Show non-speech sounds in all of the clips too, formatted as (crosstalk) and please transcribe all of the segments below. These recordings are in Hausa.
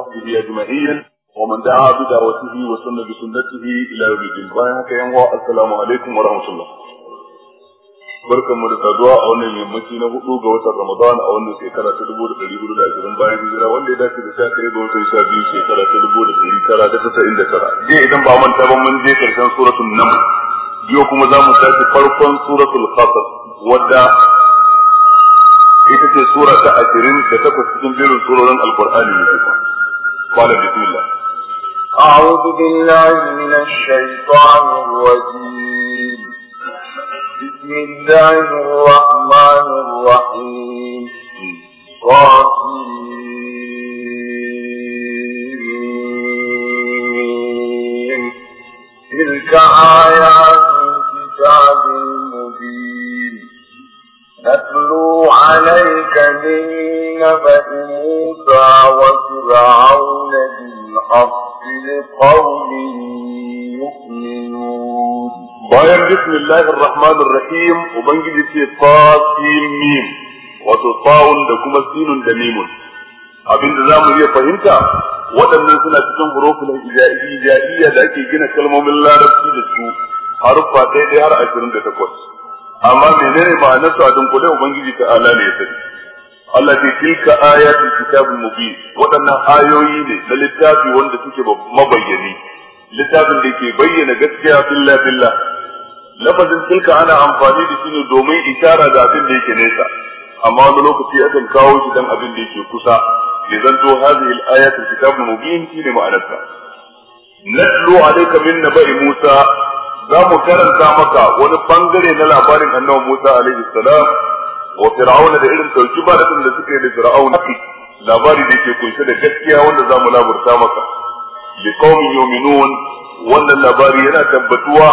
وصحبه أجمعين ومن دعا بدعوته وسن بسنته إلى يوم الدين بارك السلام عليكم ورحمة الله barkan mu da saduwa a wannan yammaci na hudu ga watan Ramadan a wannan shekara ta dubu da dari hudu da ashirin bayan hijira wanda ya dace da sha ɗaya ga watan sha biyu shekara ta dubu da dari tara da tasa'in da tara. Je idan ba manta ba mun je karshen suratul nam yau kuma za mu tashi farkon suratul qasas wadda ita ce sura ta ashirin da takwas cikin jerin surorin alkur'ani ne kuma. قال بسم الله أعوذ بالله من الشيطان الرجيم بسم الله الرحمن الرحيم قاسمين تلك آيات عليك بنبأ موسى وفرعون بالحق لقوم يؤمنون bayan bismillahir rahmanir rahim ubangiji ce fasil mim wato ta'un da kuma sinun da mimun abinda za mu iya fahimta waɗannan suna cikin hurufin ijaiya da ake gina kalmomin larabci da su harfa ɗaya har ashirin da takwas amma menene ma'anarsa su a dunkule ubangiji ta ala ne ya sani Allah ce tilka ayatul kitabul mubin waɗannan ayoyi ne na littafi wanda suke mabayyani littafin da ke bayyana gaskiya filla filla lafazin tilka ana amfani da shi ne domin ishara ga abin da yake nesa amma wani lokaci akan kawo shi dan abin da yake kusa ya zanto hadhihi al-ayatul kitabul mubin ne ma'anarsa natlu alayka min naba'i musa za mu karanta maka wani bangare na labarin annabi Musa alaihi salam wa fir'auna da irin ba da suka yi da fir'auna labari da ke kunshe da gaskiya wanda za mu laburta maka li qaumin yu'minun wannan labari yana tabbatuwa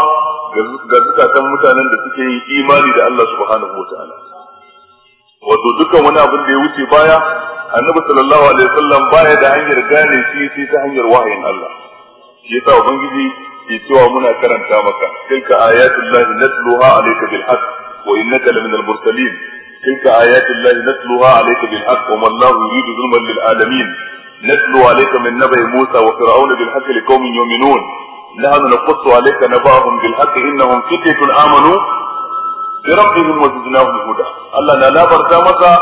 ga zukatan mutanen da suke yin imani da Allah subhanahu wataala wato dukkan wani abin da ya wuce baya annabi sallallahu alaihi wasallam baya da hanyar gane shi sai ta hanyar wahayin Allah shi yasa ubangiji ke cewa muna karanta maka tilka ayatullahi natluha alayka bil haqq wa innaka laminal mursalin tilka ayatullahi natluha alayka bil haqq wa man lahu yuridu zulman lil alamin natlu alayka min nabai musa wa fir'auna bil haqq liqaumin yu'minun نحن نقص عليك نبأهم بالحق إنهم فتية آمنوا بربهم وزدناهم هدى الله لا لا برزا مسا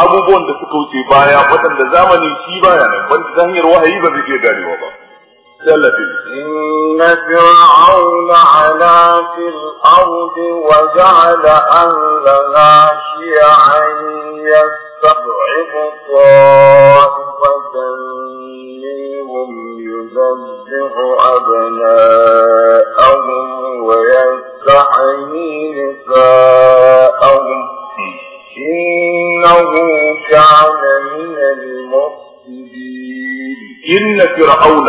abubuwan da suka wuce baya da zamani shi baya nan ban ta hanyar wahayi ba zai iya ganewa ba إن فرعون علا في الأرض وجعل أهلها شيعا يستضعف طائفة منهم يذبح أبناءهم ويستحيي نساءهم إنه كان من المفسدين إن فرعون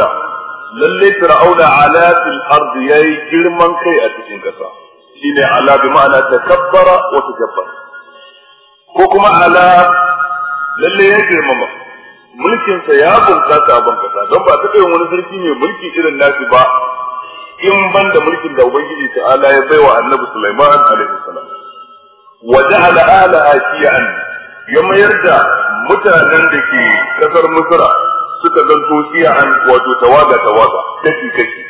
lalle fir'auna ala fil ardi yayi girman kai a cikin kasa shine ala bi ma'ana takabbara wa tajabbara ko kuma ala lalle ya girmama mulkin sa ya bunkasa ban kasa don ba ta yin wani sarki mai mulki irin nasi ba in ban da mulkin da ubangiji ta'ala ya baiwa annabi Sulaiman alaihi salam wa ja'ala ala shi'an ya mayar da mutanen da ke kasar Misra suka zanto an wato tawaga tawaga kashi kashi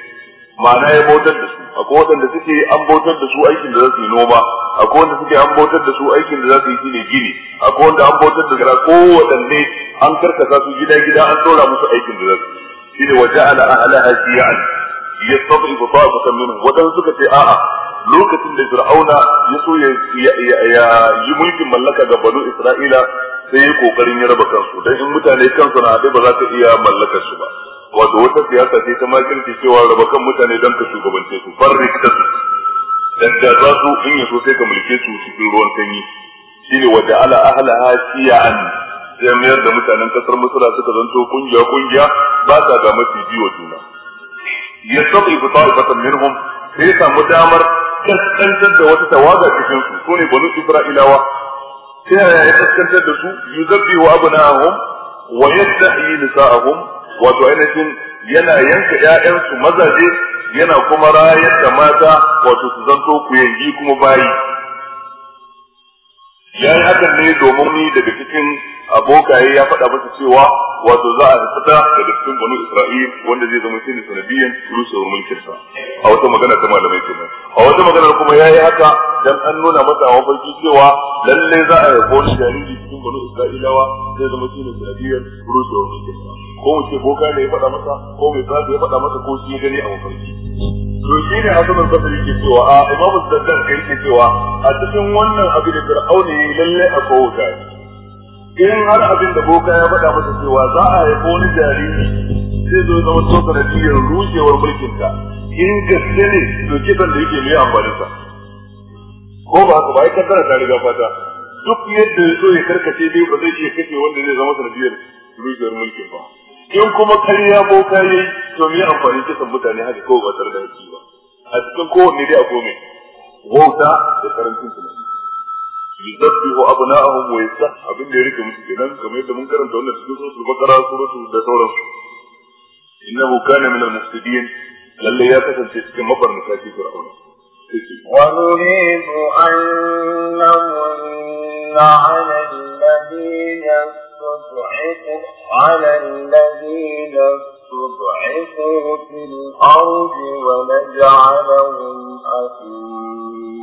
ma'ana ya bautar da su akwai waɗanda suke an bautar da su aikin da za su yi noma akwai wanda suke an bautar da su aikin da za su yi shine gini akwai wanda an bautar da gara ko waɗanne an karkasa su gida gida an ɗora musu aikin da za su yi shine waje ala ahlaha shi'an yastafi ta'ifatan minhum wadan suka ce a'a lokacin da fir'auna ya so ya yi mulkin mallaka ga banu isra'ila sai yi kokarin ya raba kansu dan in mutane kansu na haɗe ba za ka iya mallakarsu su ba wato wata siyasa ce ta makirci cewa raba kan mutane don ka shugabance su farrik ta su daddaza su in ya so sai ka mulke su cikin ruwan sanyi shine wa ja'ala ahlaha shi'an sai mayar da mutanen kasar Misra suka zanto kungiya kungiya ba sa ga mafi biyo juna yastatifu ta'ifatan minhum sai samu damar kaskantar da wata tawaga cikin su sune banu Isra'ilawa sai ya kaskantar da su yi yuzabbi wa abnahum wa yastahi nisa'ahum wato ainihin yana yanka maza mazaje yana kuma rayar da mata wato su zanto ku yangi kuma bayi yayi hakan ne domin ni daga cikin abokaye ya faɗa masa cewa wato za a fita daga cikin banu isra'il wanda zai zama shine sanadiyan rushewar mulkin sa a wata magana ta malamai kenan a wata magana kuma yayi haka dan an nuna masa a farki cewa lalle za a yabo shi jariri cikin banu isra'ilawa zai zama shine sanadiyan rushewar mulkin sa ko mu ce boka ne ya faɗa masa ko mai tsafi ya faɗa masa ko shi ya gani a mafarki to shi ne hasan al-basri ke cewa a imamu saddan ke cewa a cikin wannan abin da fir'auni lalle akwai wuta in har abin da boka ya faɗa masa cewa za a haifo wani jariri zai zo zama to jiyar rushewar mulkinka in gaske ne to kisan da yake mai amfaninsa ko ba haka ba ya kaddara ta riga fata duk yadda ya so ya karkace dai ba zai iya kashe wanda zai zama sanadiyar rushewar mulkin ba in kuma karya boka ya yi to mai amfani kisan mutane haka ko ba tare da haƙƙi ba a cikin kowanne dai a gome wauta da karancin tunani yudabbihu abna'ahum wa yasah abin da ya rike musu kenan kamar yadda mun karanta wannan cikin suratul baqara suratu da sauransu innahu kana min al-mufsidin lalle ya kasance cikin mabarnata shi fir'auna ونريد أن نمن على الذين استضعفوا على الذين استضعفوا في الأرض ونجعلهم أئمة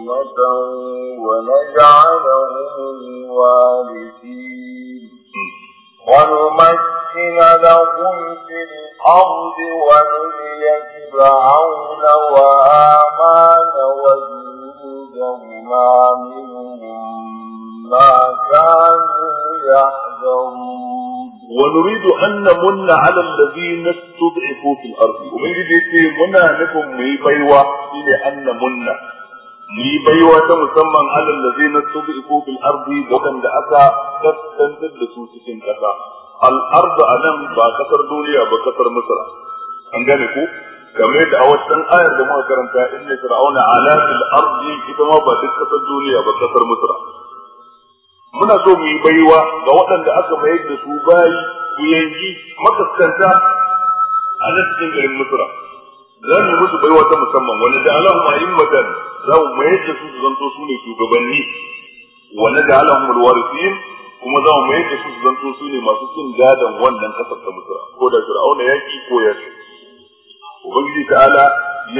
جنة الوارثين ونمكن لهم في الأرض ونري فرعون وآمان وجنودهما منهم ما كانوا يحذرون ونريد أن نمن على الذين استضعفوا في الأرض ومن جديد منا لكم ميبيوة إلى أن نمن yi baiwa ta musamman alal ladzi nastubiqu fil ardi waɗanda aka kaskantar da su cikin ƙasa. al ardu anan ba ƙasar duniya ba ƙasar misr an gane ku kamar yadda a wata ayar da muka karanta inna fir'auna ala fil ardi ita ma ba duk ƙasar duniya ba ƙasar misr muna so mu yi baiwa ga waɗanda aka mayar da su bayi ku yanki makaskanta a nan cikin garin misra za mu yi musu baiwa ta musamman wani da alahum a'immatan za mu mayar da su su zanto su ne shugabanni wa naj'alahum al-warithin kuma za mu mayar da su su zanto su ne masu cin gadon wannan kasar ta Musa, ko da Fir'auna ya ki ko ya Ubangiji ta'ala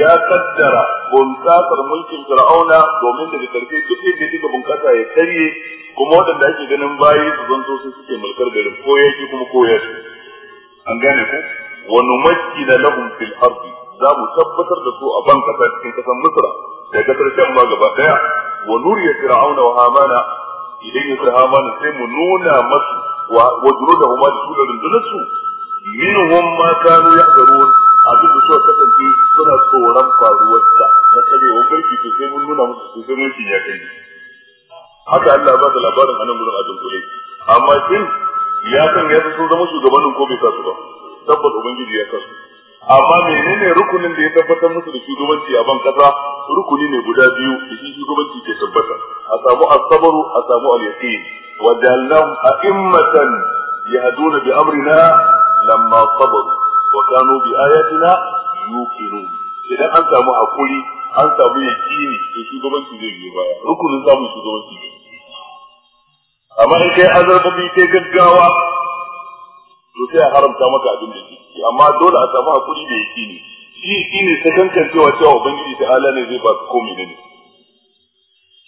ya kaddara bunƙasar mulkin Fir'auna domin daga karfe duk inda duka bunƙasa ya karye kuma waɗanda ake ganin bayi su zanto su suke mulkar garin ko ya ki kuma ko ya An gane ku? Wa numakkina lahum fil ardi za mu tabbatar da su a ban kasa cikin kasar Misra da kasar shan ma gaba daya wa nuriya fir'auna wa hamana idan ya hamana sai mu nuna masu wa da huma da su da rundunarsu minhum ma kanu a abin da suka kasance suna tsoron ta na wa barki to sai mun nuna musu sai sai mulkin ya kai haka Allah ba da labarin anan gurin ajin dunkule amma din ya san ya sun zama shugabannin ko bai sa su ba tabbas ubangiji ya kasu. amma menene rukunin da ya tabbatar musu da shugabanci a ban kasa rukuni ne guda biyu da shi shugabanci ke tabbata a samu asabaru a samu alyaqin wa jallam a'immatan yahduna bi amrina lamma sabaru wa kanu bi ayatina yuqinu idan an samu hakuri an samu yaqini da shugabanci zai biyo baya rukunin samun shugabanci amma in kai azarbabi kai gaggawa to sai a haramta maka abin da ke amma dole a samu hakuri da yakini shi yakini ta kankancewa cewa ubangiji ta ala ne zai ba ka komai ne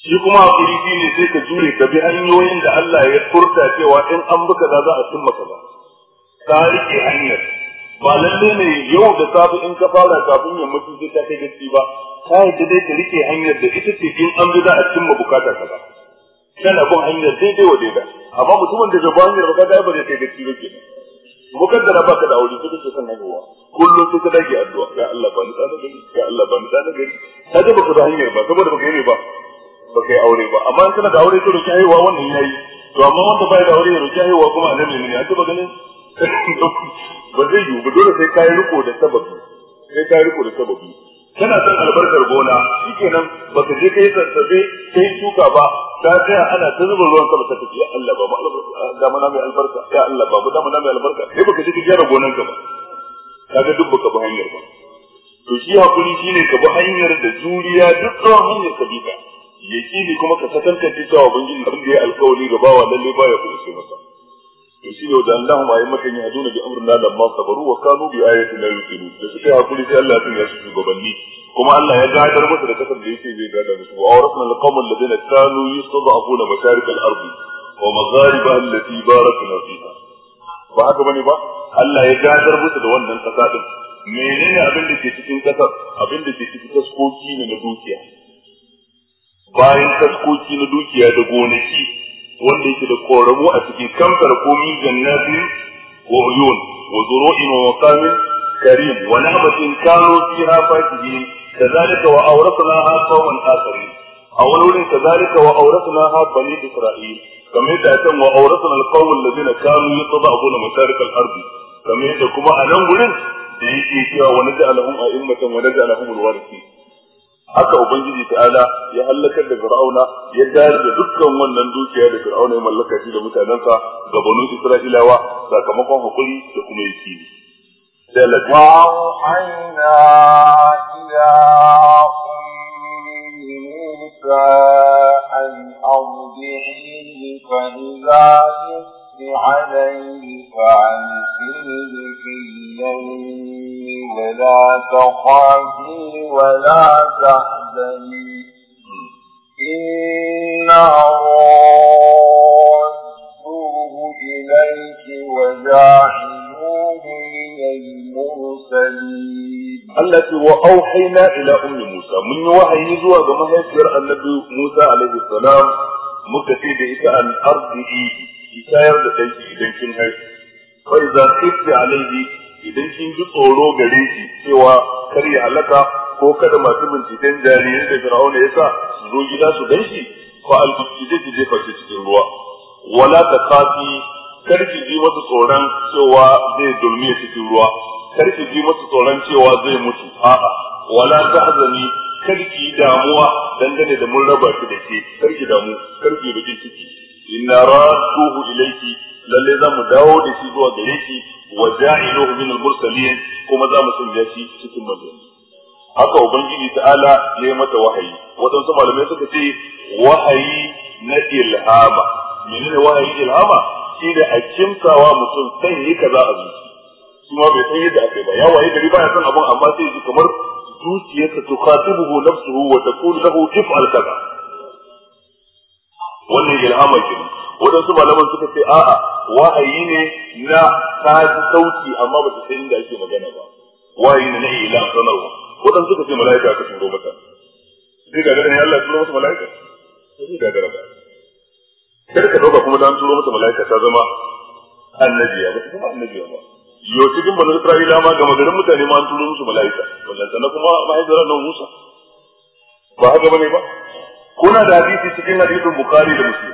shi kuma hakuri shi ne sai ka jure ka bi hanyoyin da Allah ya furta cewa in an bi kaza za a cimma kaza ka rike hanyar ba lalle ne yau da safe in ka fara kafin ya mutu sai ka kai gaske ba ka yadda dai ka rike hanyar da ita ce in an bi za a cimma bukata ba. kana bin hanyar daidai wa daidai amma mutumin da bai hanyar ba ka ga ba zai kai gaske ba kenan mukaddara baka da aure kake son haihuwa kullum sai ka dage addu'a ya Allah ba ni da gari ya Allah ba ni da gari kaga baka da hanyar ba saboda baka yi ba baka yi aure ba amma kana da aure to roki haihuwa wannan yayi to amma wanda bai da aure ya roki haihuwa kuma annabi ne ya taba ganin (laughs) ba zai yiwu ba dole sai kai riko da sababi sai kai riko da sababi kana son albarkar gona shikenan baka je kai sassabe kai shuka ba ta tsaya ana ta zuba ruwan sama ta tafi ya Allah ba mu ga ah, mana mai albarka ya Allah ba mu da mana mai albarka sai baka ji ka gyara gonan ka ba kaga duk baka bi hanyar ba to shi hakuri shine ka bi hanyar da juriya duk tsawon hanyar ka bi ka yaqini kuma ka sakanta cewa ubangiji abin da ya alkawari ga bawa lalle baya kuma sai masa to shi ne wajen Allah ma yi maka yi aduna bi amrin da ma sabaru wa kanu bi ayatin la yusiru da suka yi hakuri sai Allah ya su shugabanni kuma Allah ya gadar musu da kasar da yake zai gadar musu wa awratna alqawma alladhina kanu yustad'afuna masharib al-ard wa maghariba allati barakna fiha ba haka bane ba Allah ya gadar musu da wannan kasa din menene abin da ke cikin kasar abin da ke cikin taskoki ne na dukiya bayan taskoki na dukiya da gonaki wanda yake da koramu a cikin kamfar komi jannatin wa uyun wa zuru'in wa maqamin karim wa na'matin kanu fiha fakihin kadhalika wa awrasnaha qauman akharin aw wurin kadhalika wa awrasnaha bani isra'il kamar yadda kan wa awrasna alqawm alladhina kanu yatadabuna masarik al-ard kamar yadda kuma a nan gurin da yake cewa wa naj'alahum a'immatan wa naj'alahum al-warithin haka ubangiji ta'ala ya halakar da fir'auna ya dare da dukkan wannan dukiya da fir'auna ya mallaka shi da mutanensa ga banu isra'ilawa sakamakon hakuri da kuma yake ne إلى موسى أن أرضعيه فإذا عليه فعن في اليمين ولا تخافي ولا تحزني إنا ردوه إليك وجاحدوه من المرسلين التي وأوحينا إلى أم موسى من وحي زوى بمهجر النبي موسى عليه السلام مكتب أرضي إيه ki shayar da kanki idan kin haihu fa idza khifti alayhi idan kin ji tsoro gare shi cewa kar ya halaka ko kada masu binciken jaririn da fir'auna yasa su zo gida su gan shi fa albuki zai ki jefa shi cikin ruwa wala ta kafi kar ki ji masa tsoron cewa zai dulmiya cikin ruwa kar ki ji masa tsoron cewa zai mutu a'a wala ta azami kar ki damuwa dangane da mun raba ki da ke kar ki damu kar ki bakin ciki inna radduhu ilayki lalle za mu dawo da shi zuwa gare ki wa ja'iluhu min al-mursalin kuma za mu sanya shi cikin manzanni haka ubangiji ta'ala ya mata wahayi wadansu malamai suka ce wahayi na ilhama menene wahayi ilhama shi da a kimtawa mutum san yi kaza a zuci ma bai san yadda aka yi ba ya waye gari baya san abun amma sai ji kamar zuciyarsa tukhatibuhu nafsuhu wa taqulu lahu if'al kaza wannan ilhama ke waɗansu malaman suka ce a'a wahayi ne na ta sauti amma ba su san inda ake magana ba wahayi ne na ila sanarwa waɗansu suka ce mala'ika aka turo mata sai ga ganin Allah turo masa mala'ika sai ga gara ba sai ka dauka kuma dan turo mata mala'ika ta zama annabiya ba ta zama annabiya ba yau cikin banu Isra'ila ma ga magarin mutane ma an turo musu mala'ika wannan sannan kuma mahaifiyar nan Musa ba haka bane ba kuna da hadisi cikin hadisin bukhari da muslim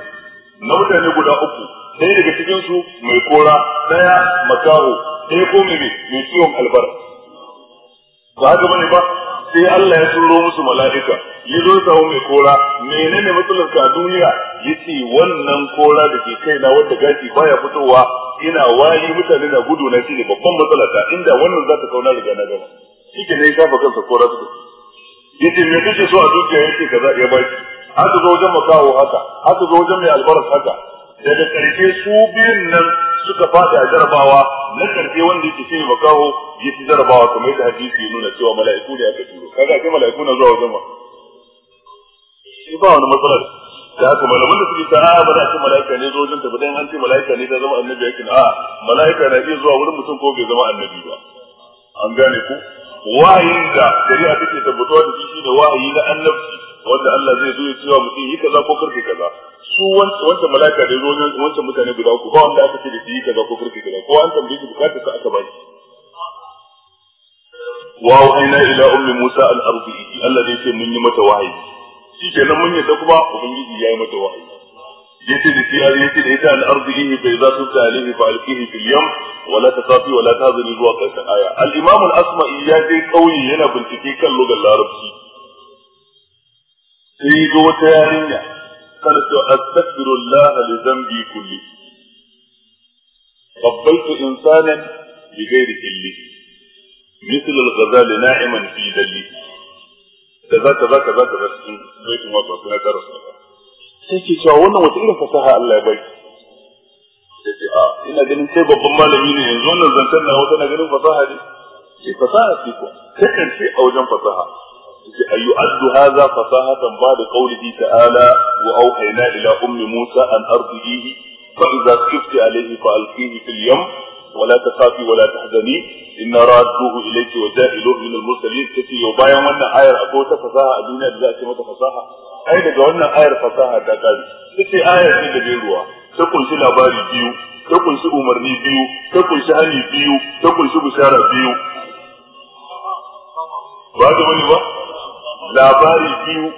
na mutane guda uku ɗaya daga cikin su mai kora ɗaya makaho ɗaya ko mai mai ciwon albar ba haka bane ba sai Allah ya turo musu mala'ika ya zo samu mai kora menene matsalar ka duniya yace wannan kora da ke kai na wanda gashi baya fitowa ina wayi mutane na gudu na shine babban matsala ta inda wannan za kauna riga na gaba shi ne ya saba kansa kora su yace me kake so a dukiya yace kaza ya baki haka zo wajen makawo haka haka zo wajen mai albaras haka daga karshe su biyun nan suka fada a jarabawa na karshe wanda yake shi makawo ya ci jarabawa kuma yadda hadisi ya nuna cewa mala'iku ne aka turo kaga ake mala'iku na zuwa wajen shi ba wani matsala da haka malaman da suke ta'a ba za a ce mala'ika ne zo wajen ba, dan an ce mala'ika ne ta zama annabi yakin a mala'ika na iya zuwa wurin mutum ko bai zama annabi ba an gane ku wahayin da shari'a take tabbatuwa da shi da wahayi na annabci wanda Allah zai zo ya cewa mutum yi kaza ko karfe kaza su wancan malaka da zuwa wancan mutane guda uku ba wanda aka ce da shi yi kaza ko karfe kaza ko an tambaye shi bukata ka aka baki wa wa'ina ila ummi Musa al-ardi Allah zai ce mun yi mata wahayi shi kenan mun yadda kuma ubangiji ya yi mata wahayi yace da shi an yace da ita al-ardi fa idza tutta alayhi fa alqihi fil yam wa la tasafi wa la tazni zuwa karshen aya al-imam al-asma'i ya je kauye yana bincike kan lugar larabci sai ga wata yarinya kada ta astaghfirullah li dhanbi kulli qabbaltu insanan bi ghairi illi مثل الغزال ناعما في دلي kaza kaza kaza kaza cikin baitin wato sai ta rasu sai ke cewa wannan wata irin fasaha Allah ya bai sai ce a ah, ina ganin sai babban malami ne yanzu wannan zantar na wata na ganin fasaha ne fasaha ce ko a wajen fasaha يؤد هذا فصاحة بعد قوله تعالى وأوحينا إلى أم موسى أن أرضيه فإذا خفت عليه فألقيه في اليم ولا تخافي ولا تحزني إن رادوه إليك وجاعلوه من المرسلين تتي يبايع من آية أبوتا فصاحة أدونا بذاتي متى فصاحة أي لقى أن آية فصاحة تقالي تتي آية في لبيرها تقول سلا باري بيو تقول سأمرني بيو تقول سهني بيو تقول سبشارة بيو بعد ولي وقت labari biyu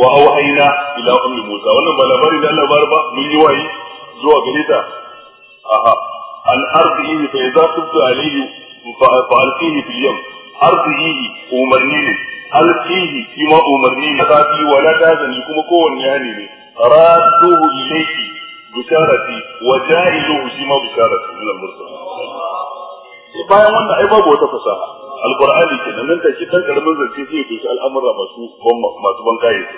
wa auhayna ila ummi Musa wannan ba labari da Allah bar ba mun yi wayi zuwa gare ta aha an ardihi fa idza tubtu alayhi fa alqihi fil yam ardihi umarni ne alqihi kuma umarni ne kafi wala tazani kuma kowanne yani ne radduhu ilayhi bisharati wa ja'iluhu shima bisharati lil mursalin bayan wannan ai babu wata fasaha alkur'ani ke nan da shi kan karamin zance shi ke shi al'amura masu na masu ban kai shi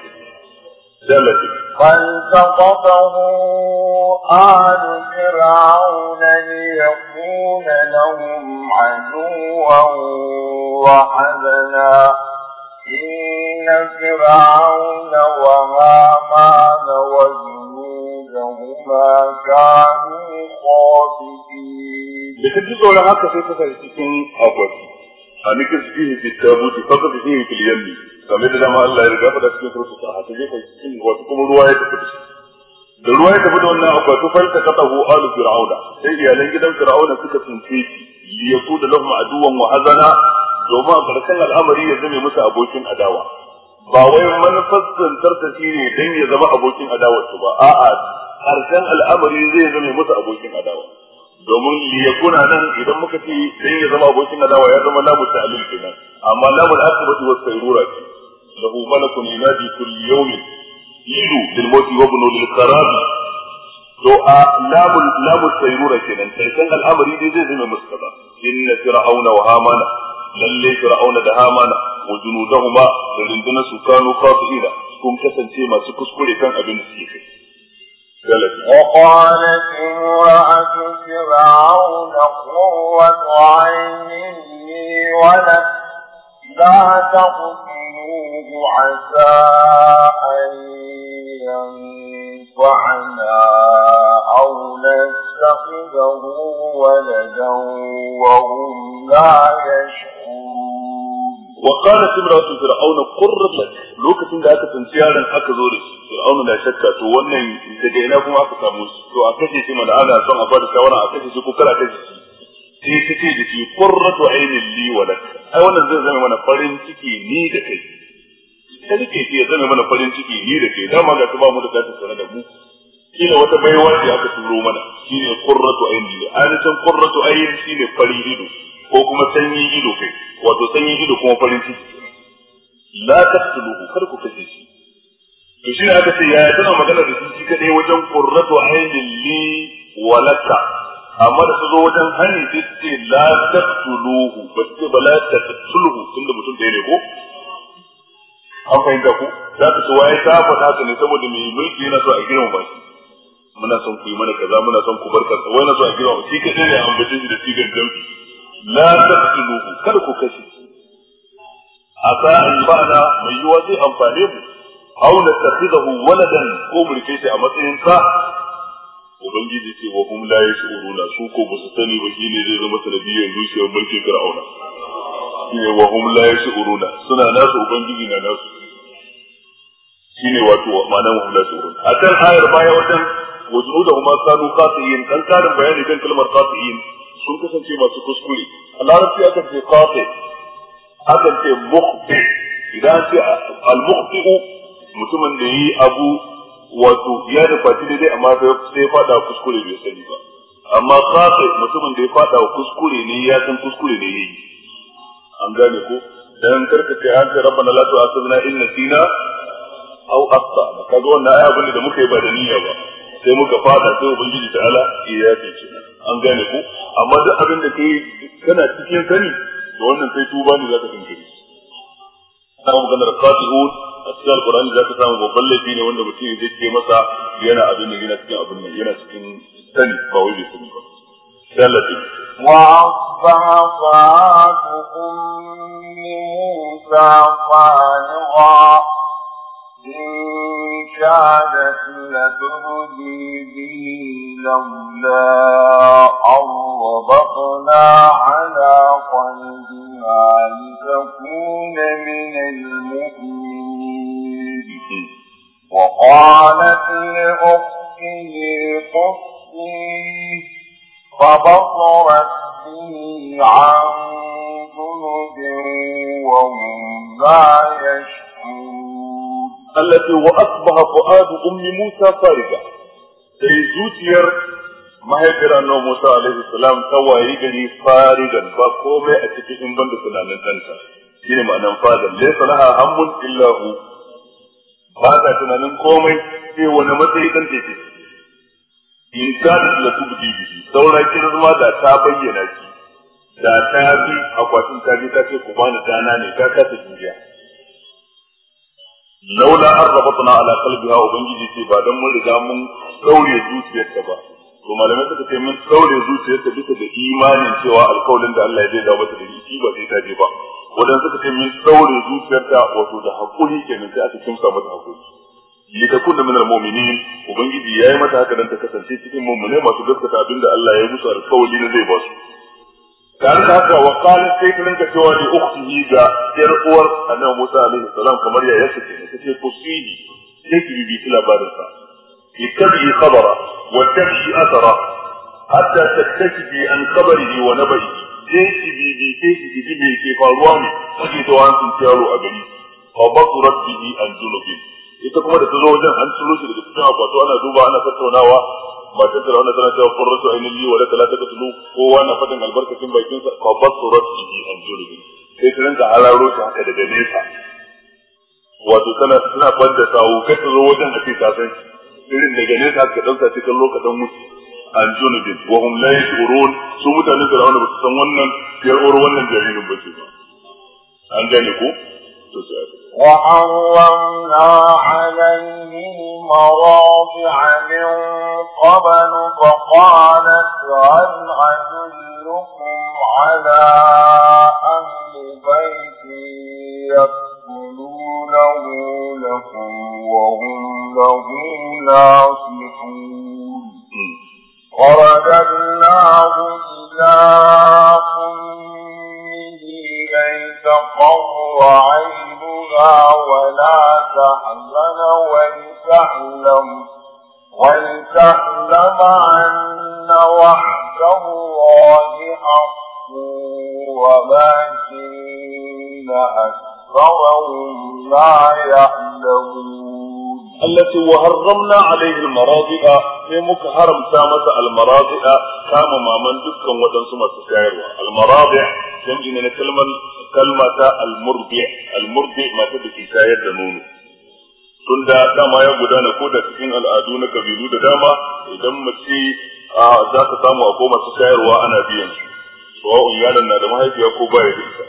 zalati fan taqatahu an fir'auna yaquna lahum aduwan wa hazana إن فرعون وهامان وجنودهما كانوا خاطئين. بتجي تقول هكا في تفاصيل أول. a nikin su fihi fi tabuti faka su fihi fil yammi kamar da dama Allah ya riga faɗa cikin surutu ta hata je kai cikin Wasu kuma ruwa ya tafi da shi. Da ruwa ya tafi da wannan akwai to falta katahu alu fir'auna sai iyalan gidan fir'auna suka tsince shi li yakuda lahum aduwan wa hazana domin a ƙarshen al'amari ya zame musu abokin adawa ba wai manufar zantar ta ne don ya zama abokin adawar su ba a'a ƙarshen al'amari zai zame musu abokin adawa domin liyakuna nan idan muka ce sai ya zama abokin adawa ya zama lamu ta'lil kenan amma lamu al-aqibati wasu sayrura ce lahu malakun yunadi kulli yawmin ilu lil mawti wa ibnu lil qarabi to a lamu lamu sayrura kenan karshen al'amari dai zai zama mustaba inna fir'auna wa hamana lalle fir'auna da hamana wa junudahuma da rundunar su kanu kafira sun kasance masu kuskure kan abin da suke kai وقالت امرأة فرعون قوة عيني ولك لا تقتلوه عسى أن ينفعنا أو نتخذه ولدا وهم لا يشعرون wa qala timratu fir'auna qurrat lak lokacin da aka tsinci yaron aka zo da shi fir'auna da shakka to wannan daga na kuma aka samu shi to a kashe shi mana ana son a bada shawara a kashe shi ko kar a kashe shi sai ce da shi qurratu aynin li wa lak ai wannan zai zama mana farin ciki ni da kai ta ke ce ya zama mana farin ciki ni da kai dama ga ta ba da ta tsare da mu shine wata baiwa ce aka turo mana shine qurratu aynin an san qurratu aynin shine farin ido ko kuma sanyin ido kai wato sanyin ido kuma farin ciki la taqtuluhu kar ku kace shi to shi aka ce ya tana magana da shi kadai wajen qurratu aynin li walaka amma da su zo wajen hani sai su ce la taqtuluhu ba su ce ba la taqtuluhu tunda mutum da ne ko an fahimta ku za ka ce waye ta faɗa haka ne saboda mai mulki yana so a girma ba shi muna son ku yi mana kaza muna son ku barka wai na so a girma shi kadai ne an bacin shi da sigar jamfi la taqtuluhu kada ku kashe asa an ba'da mai yiwa zai amfane mu aw nattakhidahu waladan ko mu shi a matsayin ka ubangiji ce wa hum la yashuruna su ko ba su sani ba shine zai zama sanadiyar zuciyar mulkin fir'auna shine wa hum la suna nasu ubangiji na nasu shine wato ma'ana wa hum la yashuruna akan ayar baya wajen wajnudahuma kanu qatiyin kan karin bayani kan kalmar qatiyin sun kasance masu kuskure a larabci aka ce kafe aka ce mukhti idan ce al mukhti mutumin da yi abu wato ya da faci daidai amma sai fada kuskure bai sani ba amma kafe mutumin da ya fada kuskure ne ya san kuskure ne yayi an gane ko dan karka ce an ce rabbana la tu'akhidna in nasina aw aqta kaga wannan aya bane da muka yi ba da niyya ba sai muka fada sai ubangiji ta'ala ya yafe an gane ko amma duk abin da kai kana cikin sani to wannan sai tuba ne za ka tunke shi ana maganar qati'un a cikin alqur'ani za ka samu babban laifi ne wanda mutum zai ce masa yana abin da yana cikin abin nan yana cikin sani ba wai bai sani ba sai Allah ya وأصبح صاحبكم موسى شهدت لتبدي به لولا أربطنا على قلبها لتكون من المؤمنين وقالت لأخته قصي فبصرت به عن ذنب وهم لا يشكون التي وأصبح فؤاد أم موسى فارغا sai zuciyar mahaifiyar annabi Musa alaihi ta wayi gari farigan ba komai a cikin in banda tunanin ɗanta shine ma'anan fadan laysa laha ba ta tunanin komai sai wani matsayi ɗan take in ka da la tubdi bi saura kirma da ta bayyana shi da ta bi akwatin ta je ta ce ku bani tana ne ta kasa juriya laula an rabatna ala qalbiha ubangiji ce ba dan mun riga mun daure zuciyarta ba to malamai suka ce mun daure zuciyarta duka da imanin cewa alkawalin da Allah ya zai dawo da shi ba zai tafi ba wadan suka ce mun daure zuciyarta wato da hakuri kenan sai aka kimsa mata hakuri li takuna min almu'minin ubangiji yayi mata haka dan ta kasance cikin mu'mine masu gaskata abinda Allah ya musu alkawali na zai ba su tare da haka wa qalat sai ta rinka cewa li ukhtihi ga yar uwar annabi Musa alaihi salam kamar ya ce ta ce kusini sai ki bi ta labarin sa ittabi khabara wa tabi athara hatta tattakibi an khabarihi wa nabai sai ki bi bi sai ki bi me ke faruwa ne kake to an sun yaro a gari fa basurat bihi an junubin ita kuma da ta zo wajen an tsuro shi daga cikin akwato ana duba ana tattaunawa matar wanda tana cewa qurratu aynin li wa laka la tulu kowa na fatan albarkacin bakin sa fa basurat bi an jirgin sai ta rinka hararo su haka daga nesa wato tana tana banda sawu kai ta zo wajen da ke tasan irin daga nesa ka ɗansa cikin lokacin mutu an jirgin wa hum la yashurun su mutanen wanda ba su san wannan yarwar wannan jirgin ba ce ba an gane ko وحرمنا عليه المراضع من قبل فقالت هل أدلكم على أهل بيت يأكلونه لكم وهم له ناصحون فرددناه إلى أمه كي قر عينها ولا تحزن ولتعلم ولتعلم أن وحد الله حق ولكن أكثرهم لا يعلمون التي وهرمنا عليه المراضئ sai muka سامة masa almarabi'a ما من دكا waɗansu masu المراضئ jam'i ne na kalmar kalma ta al-murdi al da ke shayar da nono tun da dama ya gudana ko da cikin al'adu na kabilu da dama idan mace za ka samu akwai masu shayarwa ana biyan su sawa'un yaron na da mahaifiya ko ba ya da ita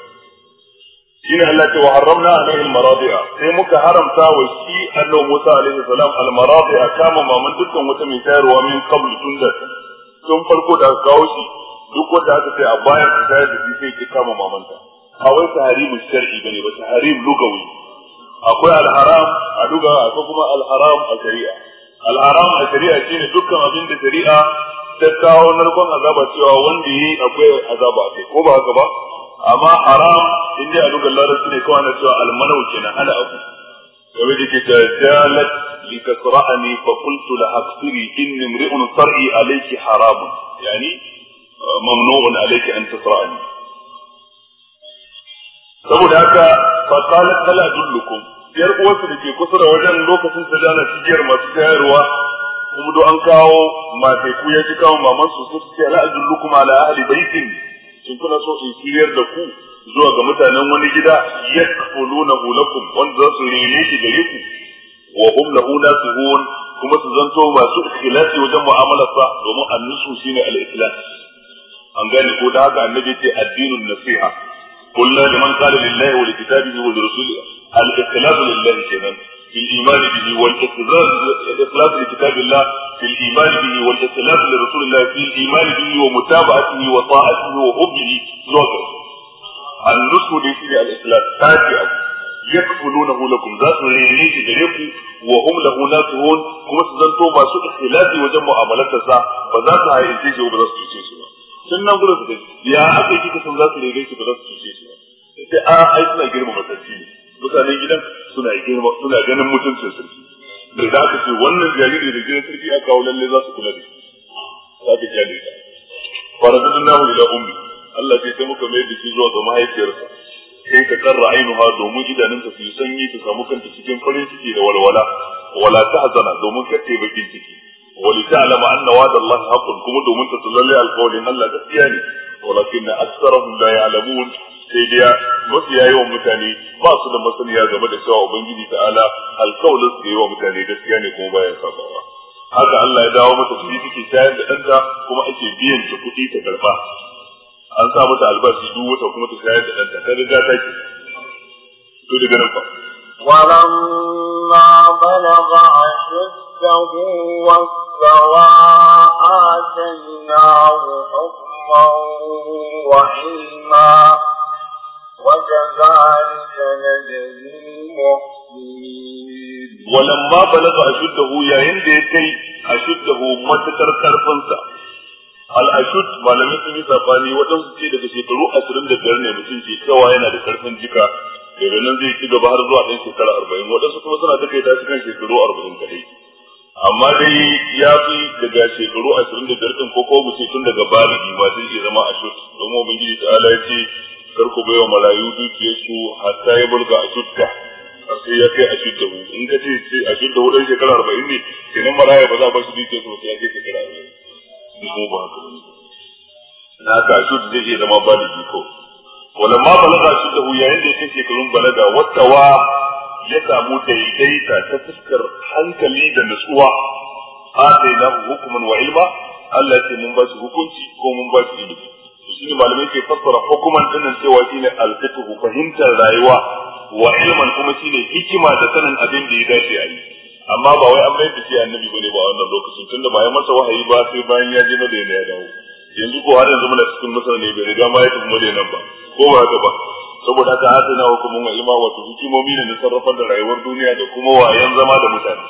shine Allah ce wa haramna alaihi al sai muka haramta wa shi allah Musa alaihi salam al kama maman dukkan wata mai shayarwa min qabl tun da tun farko da aka kawo shi duk wanda aka ce a bayan ta tayar da sai ki kama mamanta a wai ta harimu shar'i bane ba ta harim lugawi akwai alharam a duga akwai kuma alharam a shari'a alharam a shari'a shine dukkan abin da shari'a ta kawo narkon azaba cewa wanda yi akwai azaba a kai ko ba haka ba amma haram in dai a duga su ne kawai na cewa almanau kenan ana abu game da ke jajalat likasra'ani fa qultu la haqsiri inni imri'un sar'i alayki haramun yani ممنوع عليك an tasra'ani saboda haka fa qalat kala adullukum yar uwarsu da ke kusa da wajen lokacin da dana cikiyar masu tayarwa kuma do an kawo mataiku ya ji kawo maman su su ce ala adullukum ala ahli baitin Sun kuna so in ciyar da ku zuwa ga mutanen wani gida yakuluna lakum wanda za su rene shi gare ku wa hum lahu nasihun kuma su zanto masu ikhlasi wajen mu'amalarsa domin annusu shine al-ikhlas an gane ko da haka annabi ce addinun nasiha قلنا لمن قال لله ولكتابه ولرسوله الاختلاف لله كمان في الايمان به والاختلاف لكتاب الله في الايمان به والاختلاف لرسول الله في الايمان به ومتابعته وطاعته وحبه زوجه النصح ليس الاختلاف تاتي أبو يكفلونه لكم ذات رينيك دريكو وهم له ناسهون كما تزنتو ما سوء اختلافي وجمع عملتها فذات هاي انتيجي وبذات تشيش tun nan gurin su ya aka yi kika za su rere su ba za su cuce shi ba sai a ai suna girma masarci ne mutanen gidan suna girma suna ganin mutuncin sarki da za ka ce wannan jariri da gidan sarki a kawo lalle za su kula da shi za ka kyale ta faradun nahu ila ummi Allah sai ta muka mai da shi zuwa ga mahaifiyarsa sai ta karra ainuha domin idanunta su yi sanyi ta samu kanta cikin farin ciki da walwala wala ta hazana domin kace bakin ciki ولتعلم ان وعد الله حق كما دومت تلل القول ان الله قد ولكن اكثرهم لا يعلمون سيديا مفيا يوم متاني باص صدى مسنيا زمد سوى وبنجي تعالى القول سيديا يوم متاني قد يعني كما بيان صدره هذا الله يدعو متى تجيب في سيد انت كما اكي بيان تكتي تكرفا انت متى الباس يدو متى كما تسيد انت كذا ذاتك تولي بنفا ولما بلغ عشر ربه واستوى آتيناه حكما وعلما وكذلك نجزي المحسنين ولما بلغ أشده يا هندي كي أشده متكر كرفنسا al'ashud malamai sun yi sabani waɗansu ce daga shekaru ashirin da biyar ne mutum ke cewa yana da karfin jika daga nan zai ci gaba har zuwa ɗan shekara arba'in waɗansu kuma suna shekaru arba'in amma dai ya fi daga shekaru ashirin da biyar ko ko ce tun daga baligi ba sai iya zama a don domin ubangiji ta ala ya ce kar ku bai wa dukiya su hatta ya bulga a shutta har sai ya kai a shutta hu in ka ce a shutta hu ɗan shekara arba'in ne kenan maraya ba za a bar su dukiya su sai ya kai shekara arba'in da ko ba haka na ka shut zai iya zama baligi ko ma balaga shutta hu yayin da ya kai shekarun balaga wata wa ya samu daidaita ta fuskar hankali da nutsuwa na hukman wa ilma Allah ce mun ba shi hukunci ko mun ba shi ilimi shi ne malamai ke fassara hukuman dinnan cewa ne alfitu fahimtar rayuwa wa ilman kuma shine hikima da sanin abin da ya dace a yi amma ba wai an bayyana shi annabi bane ba wannan lokacin tunda ba ya masa wahayi ba sai bayan ya je madaina ya dawo yanzu ko har yanzu muna cikin masa ne bai riga ma ya tafi madaina ba ko ba haka ba saboda haka adana wa kuma ilma wato hikimomi ne na sarrafar da rayuwar duniya da kuma wayan zama da mutane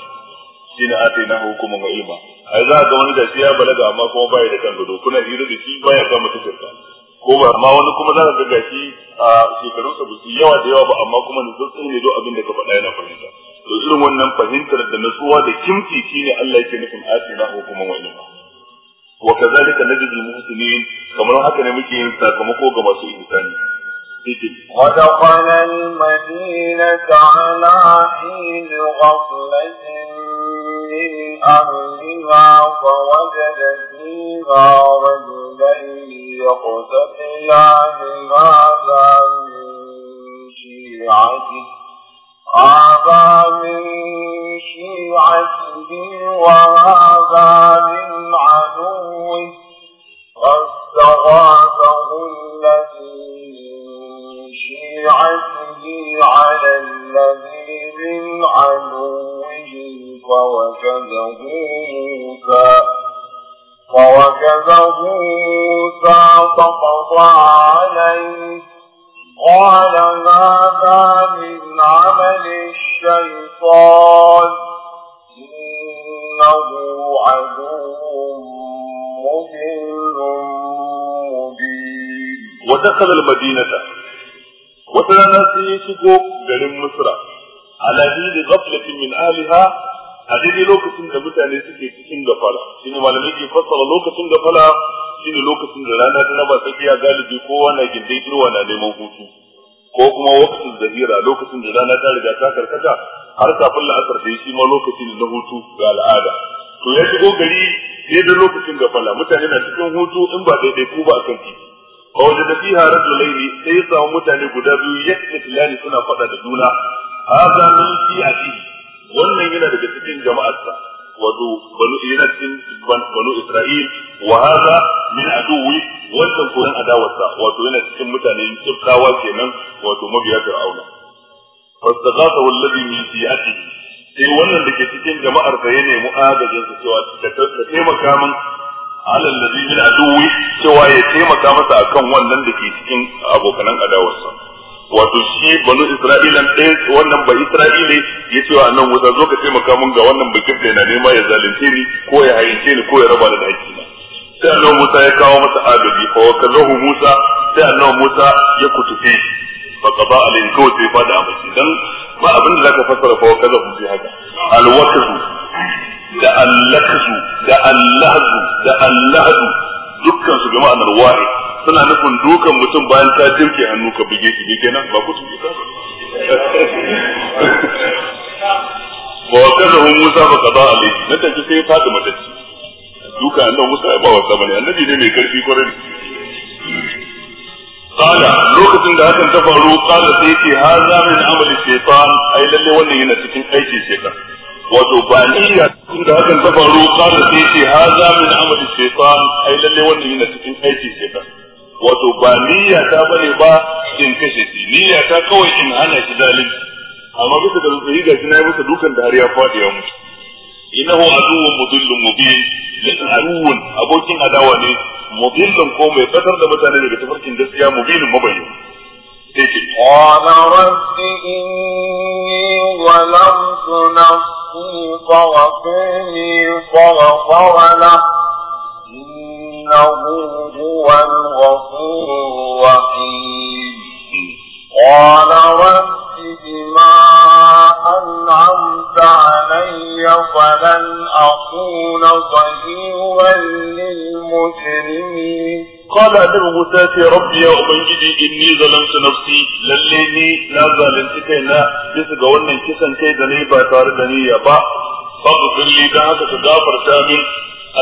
shi ne ate na hukumin wa ilma a za a ga wani da ya balaga amma kuma baya da kan gado kuna hira da shi baya kama shirka. ko ba amma wani kuma za ka ga shi a shekarun sa su yawa da yawa ba amma kuma zai tsaye do abin da ka faɗa yana fahimta to irin wannan fahimtar da nutsuwa da kimci shine Allah yake nufin ate na hukumin wa ilma wa kazalika najzul muhsinin kamar haka ne muke yin sakamako ga masu ihsani ودخل المدينة على حين غفلة من أهلها فوجد فيها رجلين يقتتلان هذا من شيعته هذا من شيعته وهذا من عدوه فاستغاثه الذي شيعته على الذي من عدوه فوجده موسى فوجده موسى فقضى عليه قال هذا من عمل الشيطان إنه عدو مضل مبين ودخل المدينة wata rana sun ya shigo garin Misra a hili ghaflatin min Aliha a daidai lokacin da mutane suke cikin shi ne malamai ke fassara lokacin shi ne lokacin da rana ta raba tsakiya galibi kowa na gindai girwa na neman hutu ko kuma waqtin zahira lokacin da rana ta riga ta karkata har kafin la'asar da shi ma lokacin na hutu ga al'ada to ya shigo gari daidai lokacin gafala mutane na cikin hutu in ba daidai ku ba a kan titi wa wajada fiha rajulaini sai ya samu mutane guda biyu yaktilani suna faɗa da juna hadha min fi'ati wannan yana daga cikin jama'arsa wato banu yana cikin banu isra'il wa hadha min aduwi wannan koran adawarsa wato yana cikin mutane kibtawa kenan wato mabiya fir'auna fastaghatha alladhi min fi'atihi sai wannan da ke cikin jama'ar sa ya nemi agajin sa cewa ka taimaka min alal ladhi min aduwi cewa ya taimaka masa akan wannan da ke cikin abokanan adawarsa wato shi banu isra'ila ɗaya wannan ba isra'ile ya ce wa annan wuta zo ka taimaka mun ga wannan bakin da yana nema ya zalunce ni ko ya hayince ni ko ya raba da na. sai annabi Musa ya kawo masa agaji fa wakazahu Musa sai annabi Musa ya kutufe shi fa qada alayhi ko sai fada a baki dan ba abin da zaka fassara fa wakazahu sai haka alwakazu da allakzu da allahzu da allahzu dukkan su jama'a nar wahid suna nufin dukan mutum bayan ta jirke hannu ka bige shi ne kenan ba ku kutum ita ba wa kaza hun musa ba kaza alaihi na tafi sai ya fadi matacci duka annabi musa ya ba wa sa bane annabi ne mai karfi kwarai قال lokacin da hakan ta faru قال sai ce haza min amali shaytan ai lalle wannan yana cikin aikin shaytan wato ba niyya tun hakan ta faru kada sai ce haza min amali shaytan ai lalle wannan yana cikin aiki ka wato ba niyya ta bane ba in kashe shi niyya ta kawai in hana shi zalunci amma bisa da zai ga shi na yi masa dukan da har ya faɗi ya mutu innahu aduwwun mudillun mubin lakin aduwwun abokin adawa ne mudillun ko mai fatar da mutane daga tafarkin gaskiya mubinin mabayyana قال رب إني ظلمت نفسي فغفر لي فغفر له إنه هو الغفور الرحيم قال رب بما أنعمت علي فلن أكون ظهيرا للمجرمين قال النبي موسى ربي يا أبنجدي إني ظلمت نفسي لليني لا ظلمت كينا جس قولنا كسن كيدا نيبا تاردني يا با فاغفر لي دعك تغافر تامين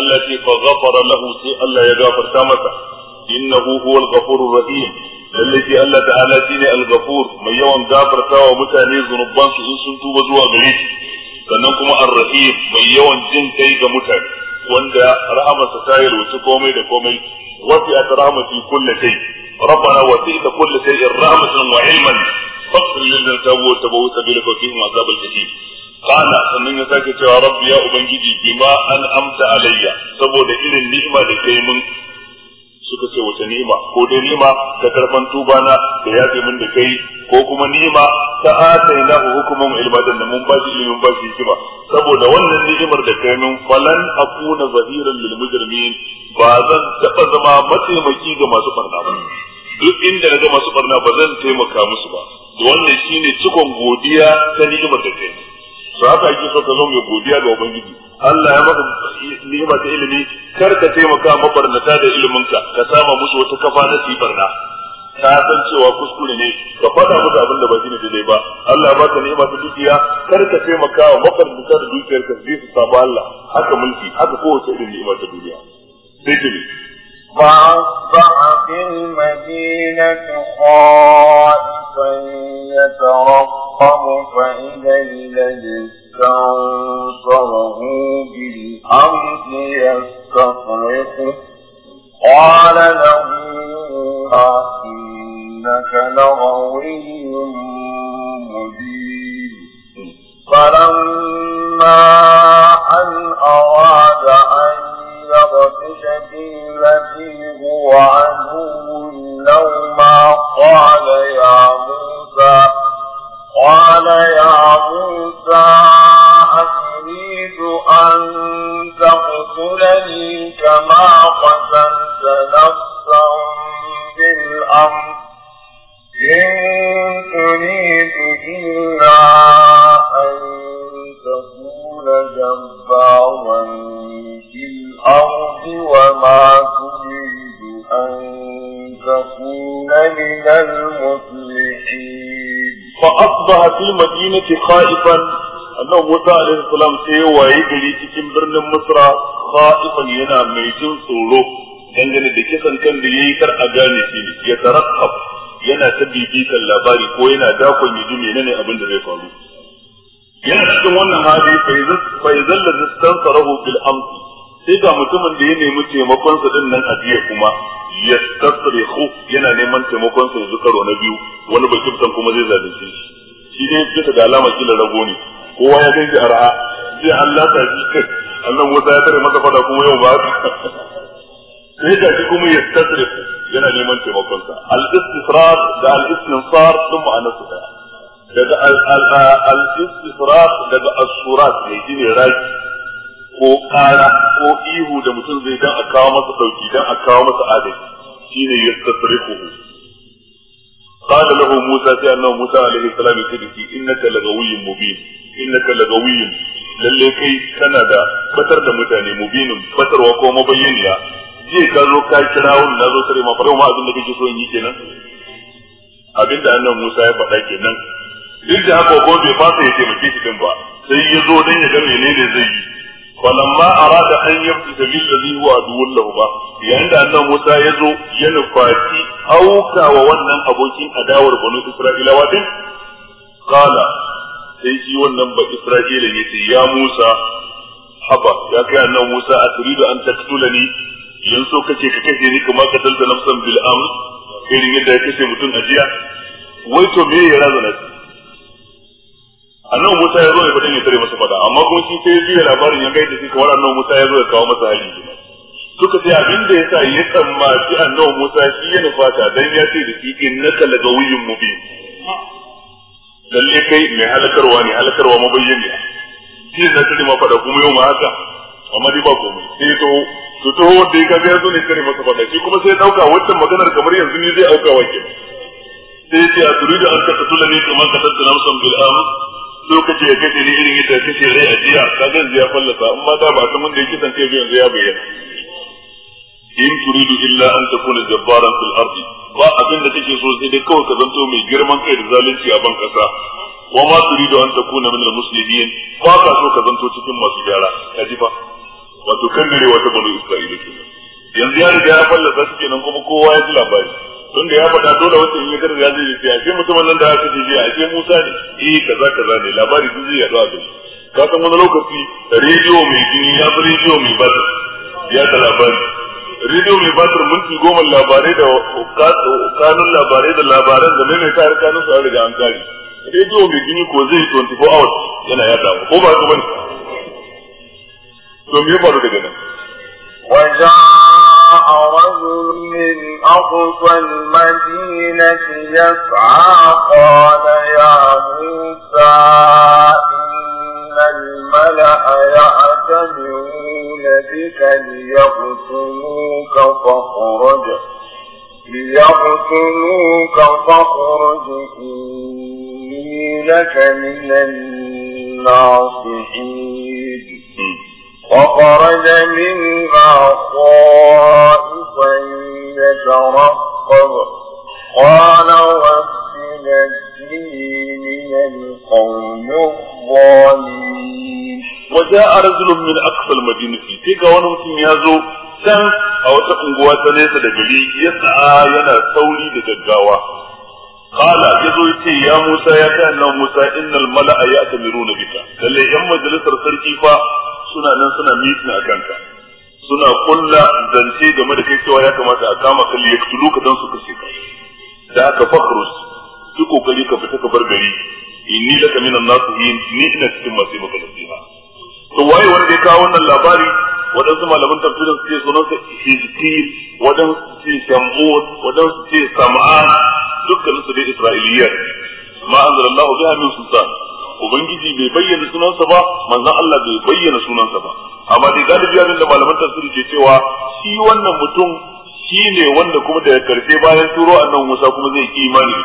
التي فغفر له سي الله يغفر تامتا innahu huwal ghafurur rahim lalle shi Allah ta'ala shine al-ghafur mai yawan gafartawa mutane zunuban su in sun tuba zuwa gare shi sannan kuma ar-rahim mai yawan jin kai ga mutane wanda rahamarsa ta yi komai da komai ربنا وسعت كل شيء رحمة وعلما فاغفر للذين تابوا واتبعوا سبيلك وقهم عذاب الجحيم kana sannan ya sake cewa rabbi ya ubangiji bima an amta alayya saboda irin ni'ima da kai suka ce wata nima ko dai ni'ima ta karban tuba na da yafe min da kai ko kuma nima ta ataina hu hukumun ilma da mun bashi ilimin bashi hikima saboda wannan ni'imar da kai min falan akuna zahiran lil mujrimin ba zan taba zama mataimaki ga masu barna ba duk inda na ga masu barna ba zan taimaka musu ba wannan shine cikon godiya ta ni'imar da kai to haka ake so ka zo mai godiya ga ubangiji Allah ya maka ni'ima ta ilimi kar ka taimaka mabarnata da iliminka ka sama musu wata kafa na sibarna ka san cewa kuskure ne ka faɗa musu abin da ba shi ne daidai ba Allah ya baka ni'ima ta dukiya kar ka taimaka wa mabarnata da dukiyar ka su saba Allah haka mulki haka kowace irin ni'ima ta duniya sai فأصبح في المدينة خائفا يترقب فإذا الذي استنصره بالأرض يستصرخه قال له إنك لغوي مبين فلما أن أراد أن البطشة التي هو عدو لهما قال يا موسى قال يا موسى أريد أن تقتلني كما قتلت نفسا بالأمس إن تريد إلا أن تكون جبارا في الأرض وما تريد أن تكون من خائفا annabi Musa alaihi salam sai ya waye gari cikin birnin Misra khaifan yana mai jin tsoro dangane da kisan da yayi kar a gane shi ya yana ta bibitan labari ko yana dakon yaji menene abin da zai faru yana cikin wannan hali fa yazalla tastansarahu bil amsi sai ga mutumin da ya nemi taimakon sa din nan ajiye kuma yastasrihu yana neman taimakon sa yanzu karo na biyu wani bai kiftan kuma zai zalunce shi shi dai bisa ga alama kila rago ne kowa ya gaji arha sai Allah ta ji kai Allah wata ya tare masa fada kuma yau ba sai ga shi kuma yastasrihu yana neman taimakonsa al-istisrar da al-istinsar sun ma'ana su daya daga al-istisrar daga as-surat ne shine raki ko ƙara ko ihu da mutum zai dan a kawo masa dauki dan a kawo masa adalci shine yastasrifuhu قال له موسى في أنه موسى عليه السلام يقول إنك لغوي مبين إنك لغوي lalle kai kana da batar da mutane mubinin batarwa ko mabayyaniya jiya ka zo ka kira wani na zo sare ma farawa ma abin da kake so in yi kenan abin da annabi Musa ya faɗa kenan duk da haka ko bai fasa ya taimake shi din ba sai ya zo dan ya ga menene zai yi falamma arada an yabta bil ladhi huwa aduwwun lahu ba yayin da annabi Musa ya zo ya nufaci auka wa wannan abokin adawar banu Isra'ilawa din qala sai shi wannan ba Isra'ila yace ya Musa haba ya kai annabi Musa a da an ni. yin so kace ka kashe ni kuma ka dalta nafsan bil amr irin yadda ya kashe mutum a jiya wai to me ya razana shi annabi Musa ya zo ya fadin ya tare masa fada amma kuma shi sai ya ji labarin ya kai shi kamar annabi Musa ya zo ya kawo masa hali suka ce abin da yasa ya tsammaci annabi Musa shi ya nufata dan ya ce da shi innaka lagawiyyun mubin lalle kai mai halakarwa ne halakarwa mabayyani shi na tare ma fada kuma yau ma haka amma dai ba komai sai to su taho wanda ya kaga zo ne kare masa fada shi kuma sai dauka wancan maganar kamar yanzu ne zai auka wake sai ce a turidu an kasa tsula ne kamar ka na musamman bil amr lokaci ya kace ni irin yadda kace rai a jiya kaga yanzu ya fallasa amma ta ba san wanda yake san kai yanzu ya bayyana in turidu illa an takuna jabbaran fil ardi ba abin da kake so sai dai kawai ka zanto mai girman kai da zalunci a ban kasa wa ma turidu an takuna min al muslimin ba ka so ka zanto cikin masu gyara ka ji ba wato kangare wata banu isra'ila kenan yanzu ya riga ya fallasa su kenan kuma kowa ya ji labari tun da ya faɗa dole wata in ya kada ya zai ce ashe mutumin nan da aka ce jiya ashe Musa ne eh kaza kaza ne labari duk zai yaɗu a gari ka san wani lokaci rediyo mai jini ya fi rediyo mai batir ya da labari rediyo mai batir minti goma labarai da kanun labarai da labaran da mai kayar kanun su a riga an gari rediyo mai jini ko zai 24 hours yana yaɗa ko ba ka bane to me faru وجاء رجل من أقصى المدينة يسعى قال يا موسى إن الملأ يعتمرون بك ليقتلوك فاخرج ليقتلوك فاخرج إني لك من الناصحين وخرج من خائفا يترقب قال رب نجني من القوم الظالمين وجاء رجل من اقصى المدينه تيكا ونوتي يازو سان او تقوى سنيسا دجلي يسعى ينا ثولي دجاوا قال يزو يا موسى يا كان موسى ان الملأ ياتمرون بك قال لي يا مجلس الخرجي suna nan suna mitin a kanka suna kulla zance game da kai cewa ya kamata a kama kalli ya tulu ka dan su kashe ka da aka fakhrus ki kokari ka fita ka bar gari inni laka minan nasihin ni ina cikin masu maka nasiha to waye wanda ya kawo wannan labari waɗansu malaman tafsirin su ce sunan sa hizkil waɗansu ce shammut waɗansu ce sam'an dukkan su dai isra'iliyya ma anzalallahu biha min sultan ubangiji bai bayyana sunansa ba manzon Allah bai bayyana sunansa ba amma dai galibi abin da malaman tafsiri ke cewa shi wannan mutum shine wanda kuma da karshe bayan turo annabi Musa kuma zai yi imani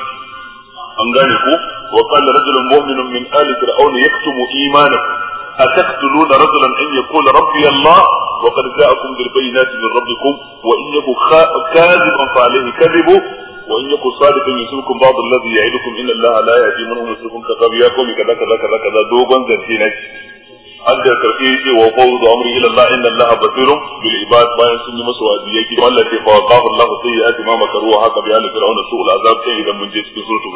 an gane ko wa qala rajulun mu'minun min ali fir'aun yaktumu imanahu أتقتلون رجلا أن يقول ربي الله وقد جاءكم بالبينات من ربكم وإن يكن كاذبا فعليه كذبه wa in da sadiqan yusukum ba'd alladhi ya'idukum inna allaha la yahdi man huwa yusufun kadhab ya qawmi kaza kaza kaza kaza dogon zance na ci an da karfi yace wa qawlu amri ila allah inna allaha basirun bayan sun yi masa wa'azi yake wallahi fa waqahu allah sayyi'ati ma makaru wa haka bi ala fir'auna su'ul azab sai idan mun je cikin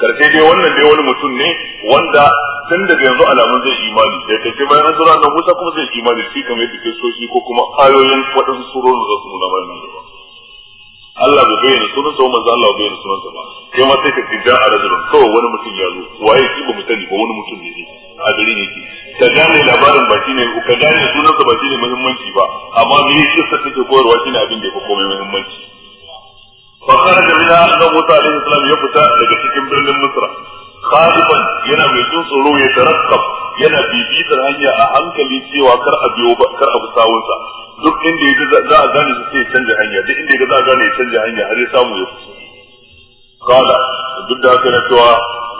karshe dai wannan dai wani mutum ne wanda tun daga yanzu alamun zai imani da karshe bayan an zura nan Musa kuma zai imani shi kamar yadda ke so shi ko kuma ayoyin waɗansu surorin da su nuna mai nan Allah bai bayyana sunansa sa manzo Allah bai bayyana sunansa ba kai ma sai ka ce a rajulun ko wani mutum ya zo waye shi ba mutane ba wani mutum ne a gari ne ki ka gane labarin ba shine ka gane sunansa sa ba shine muhimmanci ba amma me yake sa take koyarwa shine abin da ya fi komai muhimmanci fa kharaja minha annabi Musa alaihi salam ya fita daga cikin birnin Misra khaliban yana mai tsoro ya tarakkab yana bibitar hanya a hankali cewa kar a biyo ba kar a sawunsa duk inda ya za a gane su sai ya canja hanya duk inda ya za a gane ya canja hanya har ya samu ya fusa kala duk da haka na cewa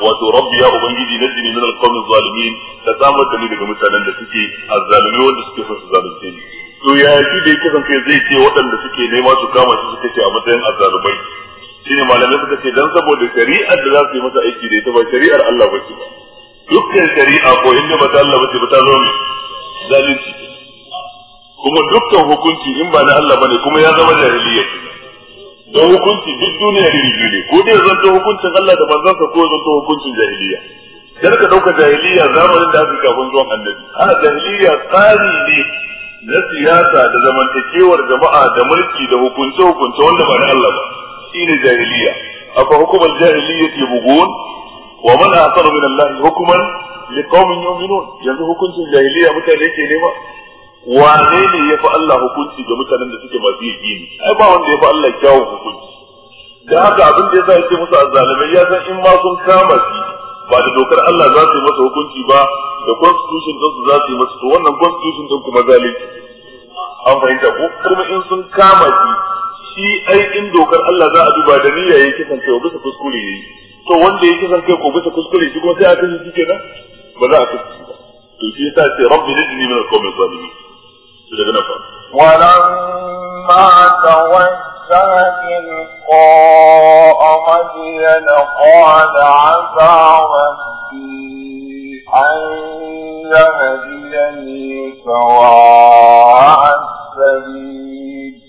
wato rabbi ya ubangiji na jini min alqawmi zalimin ta samar da ni daga mutanen da suke azzalumi wanda suke son su zalunce ni to ya yi da ya kasance zai ce waɗanda suke nema su kama su suka ce a matsayin azzalumai shine malamai suka ce dan saboda shari'ar da za su yi masa aiki da ita ba shari'ar Allah ba ce ba dukkan shari'a ko in ba ta Allah bace ba ta zo ne zalunci kuma dukkan hukunci in ba na Allah bane kuma ya zama jahiliya don hukunci duk duniya da biyu ne ko dai zanto hukuncin Allah da sa ko zanto hukuncin jahiliya dan ka dauka jahiliya zamanin da aka kafin zuwan annabi ana jahiliya tsari ne na siyasa da zamantakewar jama'a da mulki da hukunce hukunce wanda ba na Allah ba shine jahiliya afa hukumar jahiliya ke bugun wa man ahsanu min Allah hukman liqaumin yu'minun yanzu hukuncin jahiliya mutane ke nema wane ne ya fi Allah hukunci ga mutanen da suke masu yaqini ai ba wanda ya fi Allah kyawun hukunci da haka abin da yasa yake musu azzalimai ya san in ma sun kama shi ba da dokar Allah za su yi masa hukunci ba da constitution din su za su yi masa to wannan constitution din kuma zalunci an fahimta ko kuma in sun kama shi shi ai in dokar Allah za a duba da niyya yake kan cewa bisa kuskure yayi to wanda yake san kai ko bisa kuskure shi kuma sai a kashe shi kenan ba za a kashe ba to shi yasa ce rabbi zidni min al-qawmi zalimin to daga nan fa walamma tawajja tilqa'a madyan qala asa rabbi an yahdiyani sawa'a sabil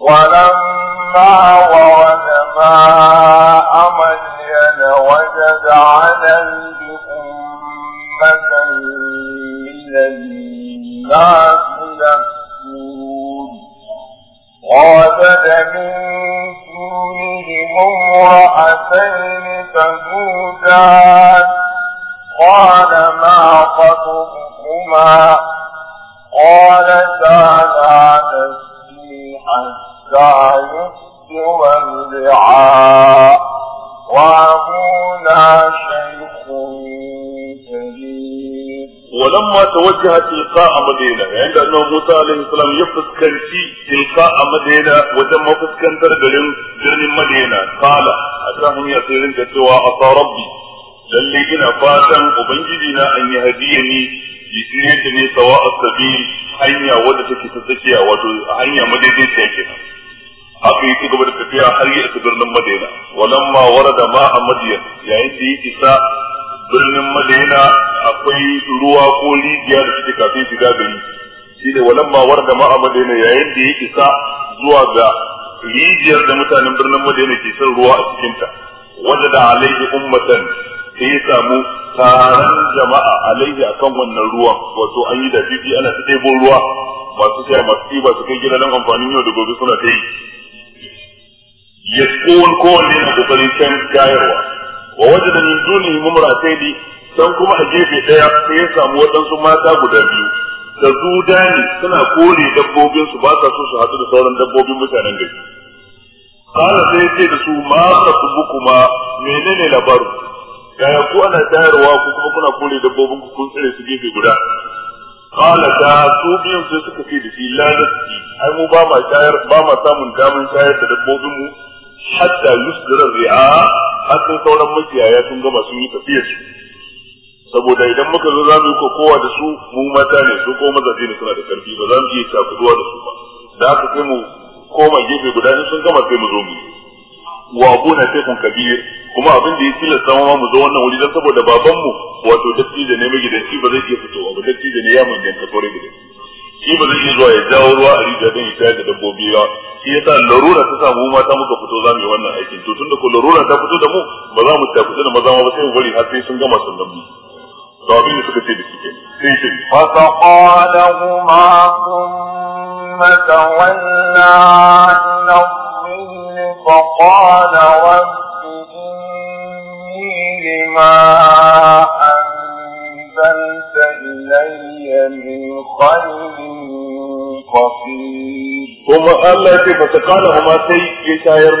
ولما ورد ماء مدين وجد عليه أمة من الناس يسجود ووجد من دونهم امرأتين تجودان قال ما خطبكما قال تعالى تسجود وابونا شيخ ولما توجه تلقاء مدينة عند أنه موسى عليه السلام يفس كنتي تلقاء مدينة وتم فس كنتر قلن جرن مدينة قال أتاهم يأتيهم كتوا أطى ربي للي إنا فاتن أبنجدنا أن يهديني يسيرين سواء السبيل hanya wadda take ta tsakiya wato hanya yake kenan haka yi gaba da tafiya har yi isa birnin madaina walamma warada ma a madiyan yayin da ya isa birnin madaina akwai ruwa ko rijiya da suke kafin shiga gari shi ne walamma warada ma a madaina yayin da ya isa zuwa ga rijiyar da mutanen birnin madaina ke shan ruwa a cikinta da alaihi ummatan sai ya samu taron jama'a a akan wannan ruwa wato an yi da fifi ana ta ɗebo ruwa masu sai masu ɗiba su kai don amfanin yau da gobe suna ta yi yasqun kowanne na kokarin can shayarwa wa wajada min dunihi mumrataini dan kuma a gefe ɗaya, sai ya samu waɗansu mata guda biyu da zudani suna kore dabbobinsu ba sa so su haɗu da sauran dabbobin mutanen gari. Kala sai ce da su ma su bukuma menene labarin yaya ku ana tayarwa ku kuma kuna kore dabbobin ku kun tsare su gefe guda Kala ta su biyun sai suka ce da shi la ai mu ba ma tayar ba ma samun damar tayar da dabbobin mu hatta yusdira ri'a hatta sauran makiyaya sun gama sun yi tafiyar su saboda idan muka zo za mu yi kokowa da su mu mata ne su ko mazaje ne suna da karfi ba za mu iya takuduwa da su ba da aka kai mu koma gefe guda ne sun gama sai mu zo mu yi wa abuna shaykhun kabir kuma abin da ya tilasta mu mu zo wannan wuri dan saboda baban mu wato dattijo ne mai gidan shi ba zai iya fitowa ba dattijo ne ya mun ta tore gidan shi ba zai iya zuwa ya jawo ruwa a rijiya dan ya tayar da dabbobi ba shi sa larura ta samu mata muka fito za mu yi wannan aikin to tunda ko larura ta fito da mu ba za mu tafi da maza ba sai mu bari har sai sun gama sun mu to abin da suka ce da shi ke sai ce fa saqalahuma ma tawanna منه فقال رب إني لما أنزلت إلي من خير فقير ثم قال لك فتقال هما ta يشاير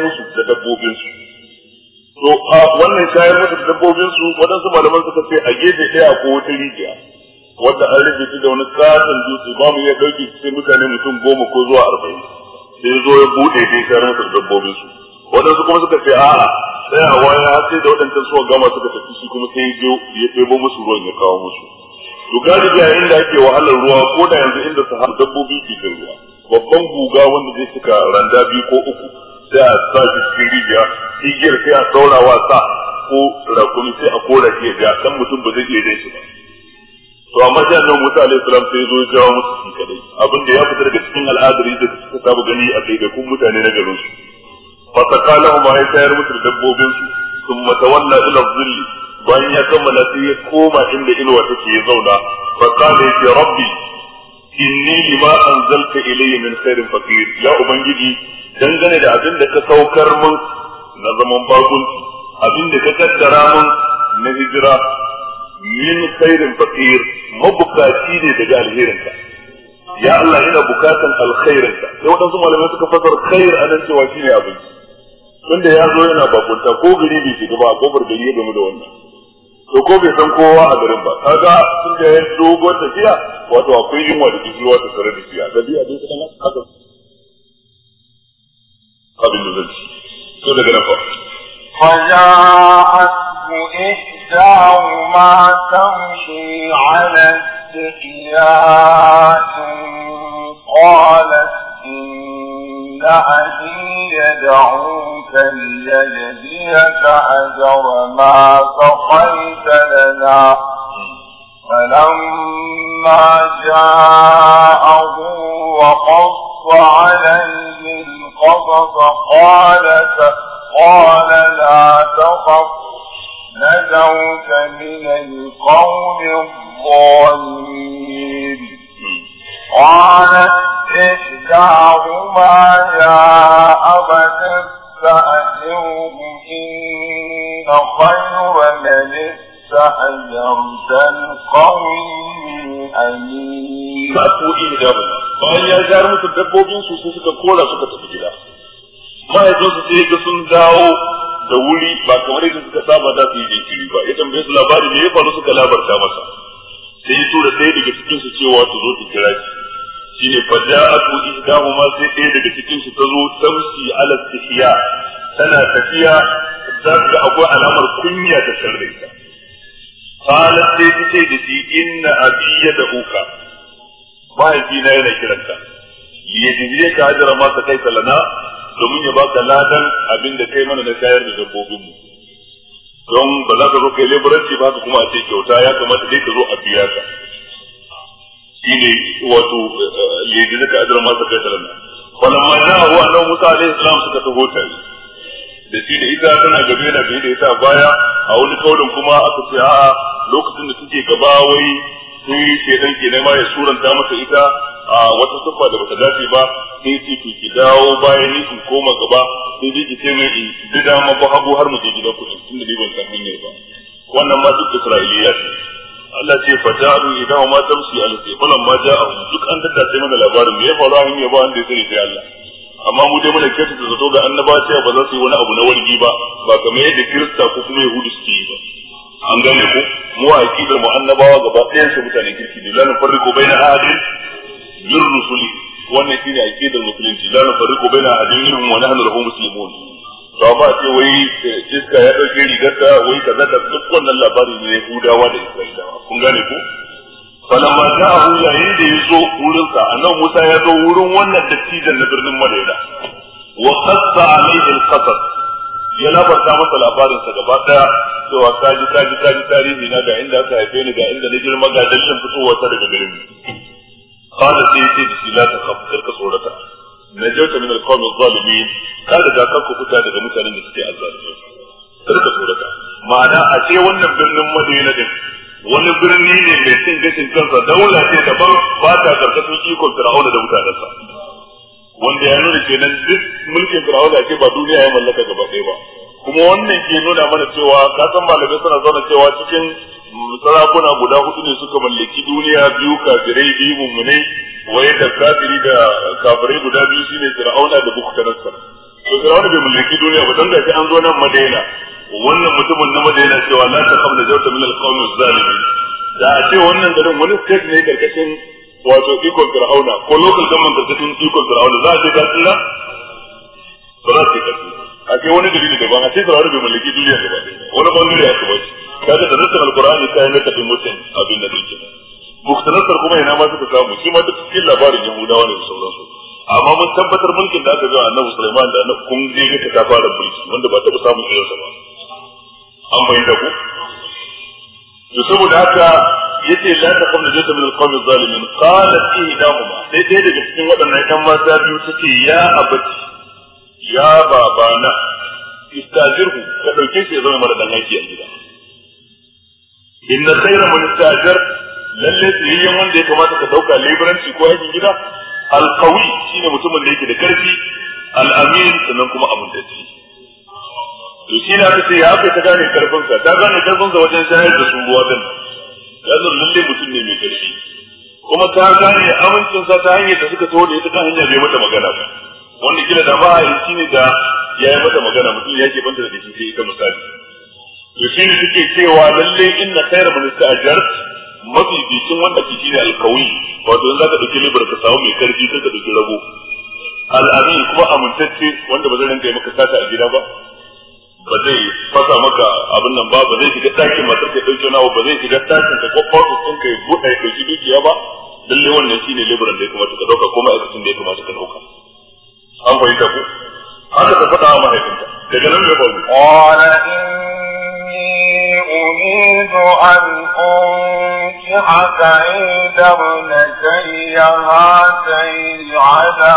kuma sai ya shayar to a wannan shayar musu dabbobin su waɗansu malaman suka ce a gefe ɗaya ko wata rijiya wadda an rufe da wani katon dutse ba mu iya ɗauki sai mutane mutum goma ko zuwa arba'in sai zo ya bude dai karan su dabbobin su waɗansu kuma suka ce a'a sai a waya sai da waɗancan suka gama suka tafi shi kuma sai ya ya ɗebo musu ruwan ya kawo musu to galibi inda ake wahalar ruwa ko da yanzu inda sahara dabbobi ke kan ruwa babban guga wanda zai cika randa biyu ko uku sai a sa shi cikin rijiya igiyar sai a saurawa sa ko rakumi sai a kora ke ga dan mutum ba zai iya rai shi ba to amma sai annabi Musa alaihi salam sai zo ya jawo musu shi kadai abin da ya fita daga cikin al'adari da suka saba gani a kai da mutane na garin su fa sakalahu ma ya tayar musu da dabbobin su sun thumma wannan ila dhilli bayan ya kammala sai ya koma inda inuwa take ya zauna fa qala ya rabbi inni lima anzalta ilayya min khairin faqir ya ubangiji dangane da abin da ka saukar mun na zaman bakunci abin da ka kaddara mun na hijira min khairin faqir mabukaci ne daga alherinka ya Allah ina bukatan alkhairinka sai waɗansu malamai suka fasar khair anan cewa shine abinci tunda ya zo yana bakunta ko gari bai shiga ba ko gari ya gamu da wannan to ko bai san kowa a garin ba kaga da ya ta jiya wato akwai yunwa da kishi wata tare da shi a biya a dai kana haka abin da zai to daga nan fa فجاءت إحداهما تمشي على استحياء قالت إن أهي يدعوك ليجزيك أجر ما سقيت لنا فلما جاءه وقص عليه القصص قال قال لا تخف نذرت من القوم الظالمين قالت احداهما يا ابت استاجره ان خير من استاجرت القوي ba ko in gaba bayan ya gyara musu dabbobin su sun suka kora suka tafi gida ma sai ga sun dawo da wuri ba kamar yadda suka saba za su yi jinkiri ba ya tambaye su labarin ne ya faru suka labarta masa sai su da ɗaya daga cikin su cewa su zo su kira shi shine fa ja'atu ihdahuma sai ɗaya daga cikin su ta zo tamsi ala istihiya tana tafiya za ga akwai alamar kunya ta sharri ta qala sai ta ce da shi inna abi yad'uka na yana kiranta yadda ka hajara ma kai Salana? domin ya baka ladan abin da kai mana na tayar da dabbobin mu don ba za ka zo kai leburanci ba ka kuma a ce kyauta ya kamata dai ka zo a biya ka ne wato lidi eh, zaka adar masa kai talana a ja'ahu annabi Musa alayhi salam suka taho yi da shi da ita tana gaba yana biyu da ita baya a wani kaurin kuma aka ce a'a lokacin da suke gaba wai sai shedan ke nema ya suranta masa ita a wata siffa da bata dace ba sai ce to ki dawo bayan ni in koma gaba sai dai ki ce mai in bi dama ba hagu har mu je gidan ku tun da dai ban san hanyar ba wannan ma duk Isra'iliya ce Allah ce fa ja'alu idan ma tamsi al falan ma ja'a duk an dadda sai mana labarin me ya faru a hanya ba wanda ya sani sai Allah amma mu dai muna kirta da zato ga annaba ce ba za su yi wani abu na wargi ba ba kamar yadda kirista ko kuma yahudu suke yi ba an gane ku mu a kidar mu annabawa gaba ɗayan su mutane kirki ne lan bai na ahadin lir rusuli wannan shine aqidar musulunci la nufarriqu baina adillihim wa nahnu lahu muslimun to ba ce wai eh, iska ya dauke rigarta wai kaza da duk wannan labari ne Yahudawa da Isra'ilawa kun gane ko falamma ja'ahu yayin da yazo wurin sa annabi Musa ya zo wurin wannan dattijan na birnin Madina wa qassa alayhi al-qasas ya labarta masa labarin sa gaba daya cewa kaji kaji kaji tarihi na da inda aka haife ni ga inda na girma ga dalilin fitowa ta daga garin قال سيدي بسم الله تخاف كرك صورتها نجوت من القوم الظالمين قال da ka kuta daga mutanen da suke azzalimi karka tsorata ma'ana a ce wannan birnin madina din wani birni ne mai cin gashin kansa daula ce daban ba ta karkashin ikon fir'auna da mutanensa wanda ya nuna kenan duk mulkin fir'auna ce ba duniya ya mallaka gaba ɗaya ba kuma wannan ke nuna mana cewa kasan malamai suna zauna cewa cikin sarakuna guda hudu ne suka mallaki duniya biyu kafirai biyu mummunai waye da kafiri da kafirai guda biyu shine fir'auna da bukhtarasar to fir'auna bai mallaki duniya ba dan gashi an zo nan madaina wannan mutumin na madaina cewa la ta qabla jawta min al-qawmi zalimin da a ce wannan garin wani state ne karkashin wato ikon fir'auna ko local government karkashin ikon fir'auna za a ce kasira ba za a ce kasira a ce wani dalili daban a ce fir'auna bai mallaki duniya gaba wani ban bangare aka bashi kaje da nasarar alqur'ani kai na tafi mutum abin da kake muktasar kuma ina ma suka samu shi ma duk cikin labarin yahudawa ne da sauransu amma mun tabbatar mulkin da aka zo annabi Sulaiman da annabi kun je ga ta fara mulki wanda ba ta ba samun irinsa ba an bayyana ku to saboda haka yace la ta kamna jata min alqawmi qala fi ihdahuma sai dai daga cikin waɗannan ma mata biyu tace ya abati ya babana istajirhu ka dauke shi zama mara dan aiki a gida inna khayra man istajar lalle tsayayyen wanda ya kamata ka dauka leburanci ko aikin gida alqawi shine mutumin da yake da karfi al'amin sannan kuma abun da yake to shi na ce ya ka ta gane karfin ka ta gane karfin ka wajen shayar da su ruwa din yanzu lalle mutum ne mai karfi kuma ta gane amincin sa ta hanyar da suka taho da ita kan hanya bai mata magana ba wanda kila da ba a yi shine da ya yi mata magana mutum ya ke banta da shi ita misali to shi ne suke cewa lalle inna khayra man ista'jar mafi bikin wanda ke shine alkawi wato in zaka dauki libar ka samu mai karfi sai ka dauki rago al'amin kuma amintacce wanda ba zai rinka maka sata a gida ba ba zai fasa maka abin nan ba ba zai shiga ɗakin matar ka dauke nawa ba zai shiga ɗakin ka ko ofis ɗin ka ya buɗe ka shi dukiya ba lalle wannan shine libaran da ya kamata ka dauka ko ma'aikacin da ya kamata ka dauka an fahimta ku haka ta faɗa wa mahaifinta daga nan mai bazu qala inni uridu an unkiha ida ibnatayya hatayn ala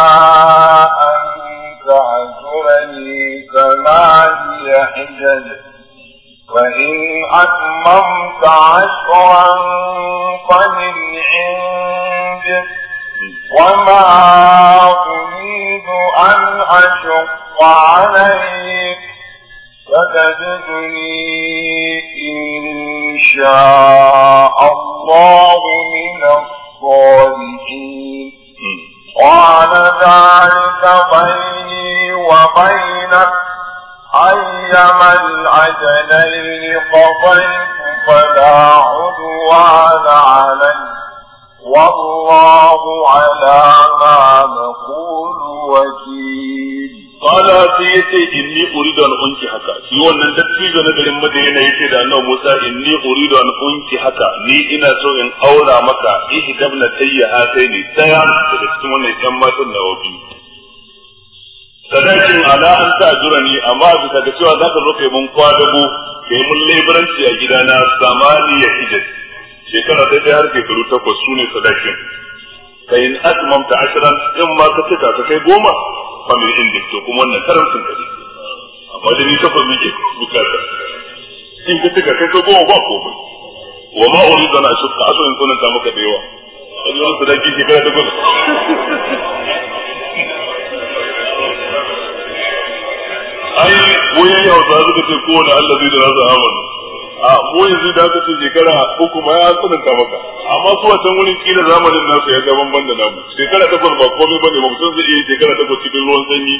an ta'zurani samaniya hijaj فإن أتممت عشرا فمن عندك وما عليك فتجدني إن شاء الله من الصالحين قال ذلك بيني وبينك أيما العجلين قضيت فلا عدوان علي والله على sai ya ce inni uridu an unki haka shi wannan dattijo na garin Madina yace da Annabi Musa inni uridu an unki haka ni ina so in aura maka dabna tayya ni daya daga cikin wannan yan matan da wabi sadakin ala an ta jurani amma bisa ga cewa zaka zo kai mun kwadago kai mun leburanci a gidana samaniya hijaz shekara ta har shekaru takwas sune sadakin kai in atmamta ashiran in ma ka tuka ka kai goma famin inda to kuma wannan karamcin ka amma da ni ta famin ke bukata in ka tuka kai ka goma ba komai wa ma uridu ana shukka aso in kunan ta maka da yawa wani wani sadaki ke kada da gudu ai wani yau za su ka ce kowane allazi da za su amana a mu yanzu da aka ce shekara uku ma ya tsananta maka amma su can wurin kila zamanin nasu ya ga banban da namu shekara takwas ba komai bane mutum zai iya shekara takwas cikin ruwan sanyi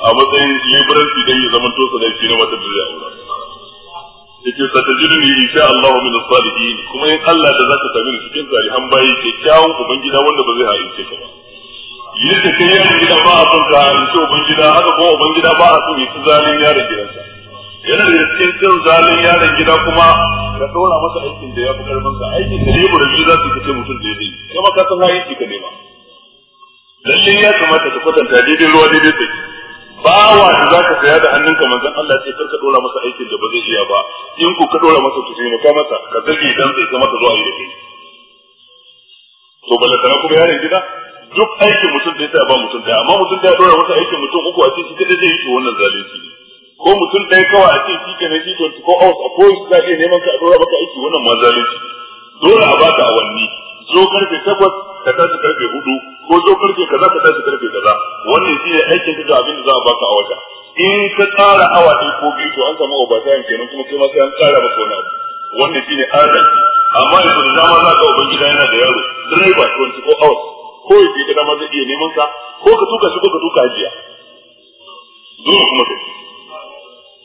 a matsayin liberanci dan ya zama tosa da shi na wata dare a wurin yake satajiduni insha Allah da as-salihin kuma in Allah da sami da cikin an bayi kyakkyawan ubangida wanda ba zai haife ka ba yadda kai yaron gida ba a son ka in ce ubangida haka kuma ubangida ba a son yi ta zalin yaron gidansa yana da cikin cin zalin yaron gida kuma ka dora masa aikin da ya fi karfin sa aikin da lebur shi za su kace mutum da yake kuma ka san hayin ka nema lalle ya kamata ka kwatanta daidai ruwa daidai sai wa da za ka saya da hannunka manzon Allah sai karka dora masa aikin da ba zai iya ba in ku ka dora masa tusi ka masa ka zargi dan sai ka masa zuwa yi da kai to balantana kuma yaron gida duk aikin mutum da ya ba mutum da amma mutum da ya dora masa aikin mutum uku a cikin kada zai yi to wannan zalunci ko mutum ɗaya kawai a ce shi ke nan shi ko hours a kowace za iya neman ka a dora maka aiki wannan ma zalunci dole a baka awanni zo karfe takwas ka tashi karfe hudu ko zo karfe kaza ka tashi karfe kaza wannan shi ne aikin ka ga abin da za a baka a wata in ka tsara awa ɗin ko biyu to an samu obatayan kenan kuma kai ma sai an tsara maka wani abu wannan shi ne adalci amma yanzu da dama za ka ubangida yana da yaro direba twenty-four hours ko ya ce ka dama zai iya neman ka ko ka tuka shi ko ka tuka ajiya. zuwa kuma kai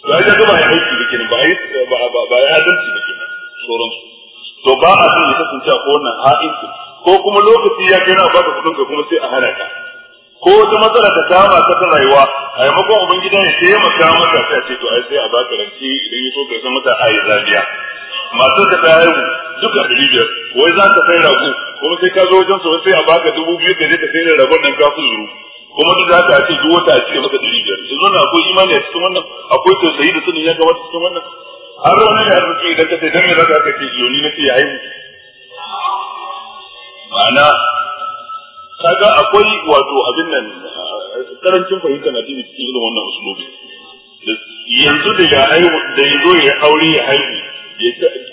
to ai da ba ya aiki da kenan ba ai ba ya adalci da kenan sauran su to ba a son ya kasance a wannan ha'inci ko kuma lokaci ya kai na ba ka kudin ka kuma sai a hana ka ko wata matsala ta kama ta ta rayuwa a yamakon ubangida ya taimaka maka a ce to ai sai a baka rance idan ya so ka san mata a yi zabiya matar ka ta haihu duka ɗari biyar wai za ka sai rago kuma sai ka zo wajen su sai a baka dubu biyu ka je ka sai ragon nan ka fi zuru kuma duk da haka ake duk wata a cikin masa ɗari biyar yanzu wannan akwai imani a cikin wannan akwai tausayi da sanin ya kamata cikin wannan har wani ne arziki idan ka sai dan me zaka ce yoni na ce ya haihu ma'ana kaga akwai wato abin nan karancin fahimta na cikin irin wannan usulubi yanzu da ya haihu da zo ya aure ya haihu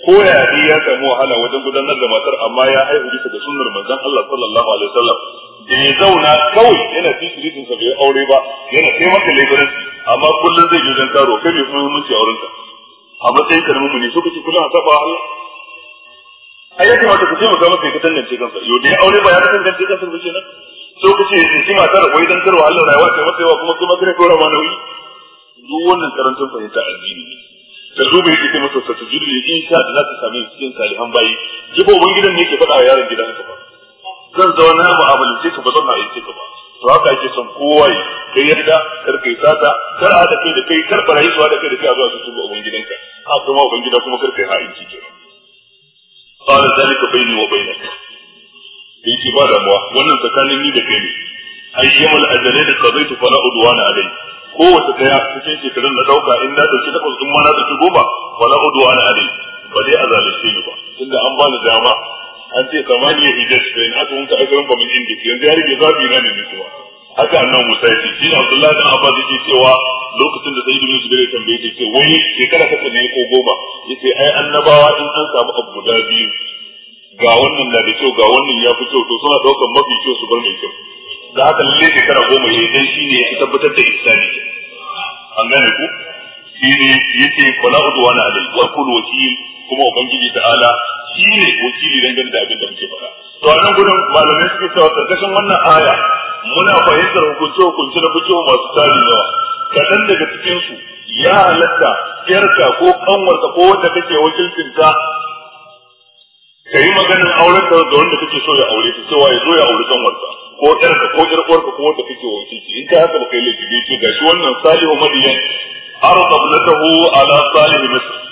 ko ya ya samu wahala wajen gudanar da matar amma ya haihu bisa ga sunnar manzon Allah sallallahu alaihi wasallam da ya zauna kawai yana fi shirikin sa bai aure ba yana sai maka laifuran amma kullum zai je dan karo kai bai kuma mutunci auren ka a matsayin ka na mummuni so kace kullum a saba Allah ai ya kamata ku taimaka masa ya tantance kansa yau da ya aure ba ya tantance kansa ba nan? so kace shi matar wai dan karwa Allah rayuwa ce masa yawa kuma kuma kare dora ma nauyi duk wannan karantun fahimta addini ne da zo bai yake masa sa tujudu in sha da za ta same cikin salihan bayi jibo gidan ne ke faɗa yaron gidan haka ba zan zauna na amalance ka ba zan na aiki ka ba to haka ake son kowa yi kai yarda kar kai sata kar a da kai da kai kar barayi zuwa da kai da kai a zuwa su tuba ubangidanka a kuma gida kuma kar kai ha'inci ke qala zalika bayni wa bainaka dai ce ba damuwa wannan tsakanin ni da kai ne ayyamal ajalai da qadaitu fala udwana alai kowace daya cikin shekarun na dauka in na dauki takwas in ma na dauki goma fala udwana alai ba dai a zalunce ni ba tunda an bani dama an ce samaniya hijaz ne, aka wanka akarin ba min inda yanzu ya rage zafi na ne kuma haka annan musa ya ce shi ne abdullahi dan abbas yake cewa lokacin da sayyidu bin zubair ya tambaye ce wai shekara ta ne ko goma yace ai annabawa in an samu abu guda biyu ga wannan na da kyau ga wannan ya fi kyau to suna daukar mafi kyau su bar mai kyau da haka lalle shekara goma ya dai shi ne ya tabbatar da ihsani an gane ku shi ne yake fala udwana alai wa kullu wakil kuma ubangiji ala shi ne wakili dangane da abin da muke faɗa to a nan gudun malamai suke cewa karkashin wannan aya muna fahimtar hukunce hukunce na fitowa masu tari yawa kaɗan daga cikinsu ya halatta yarka ko ƙanwarka, ko wanda kake wakilcinta ka yi maganin auren ka da wanda kake so ya aure ta cewa ya zo ya aure ƙanwarka, ko yarka ko yar uwarka ko wanda kake wakilci in ka haka ba kai laifi ce gashi wannan salihu madiyan arda ibnatahu ala salihu misr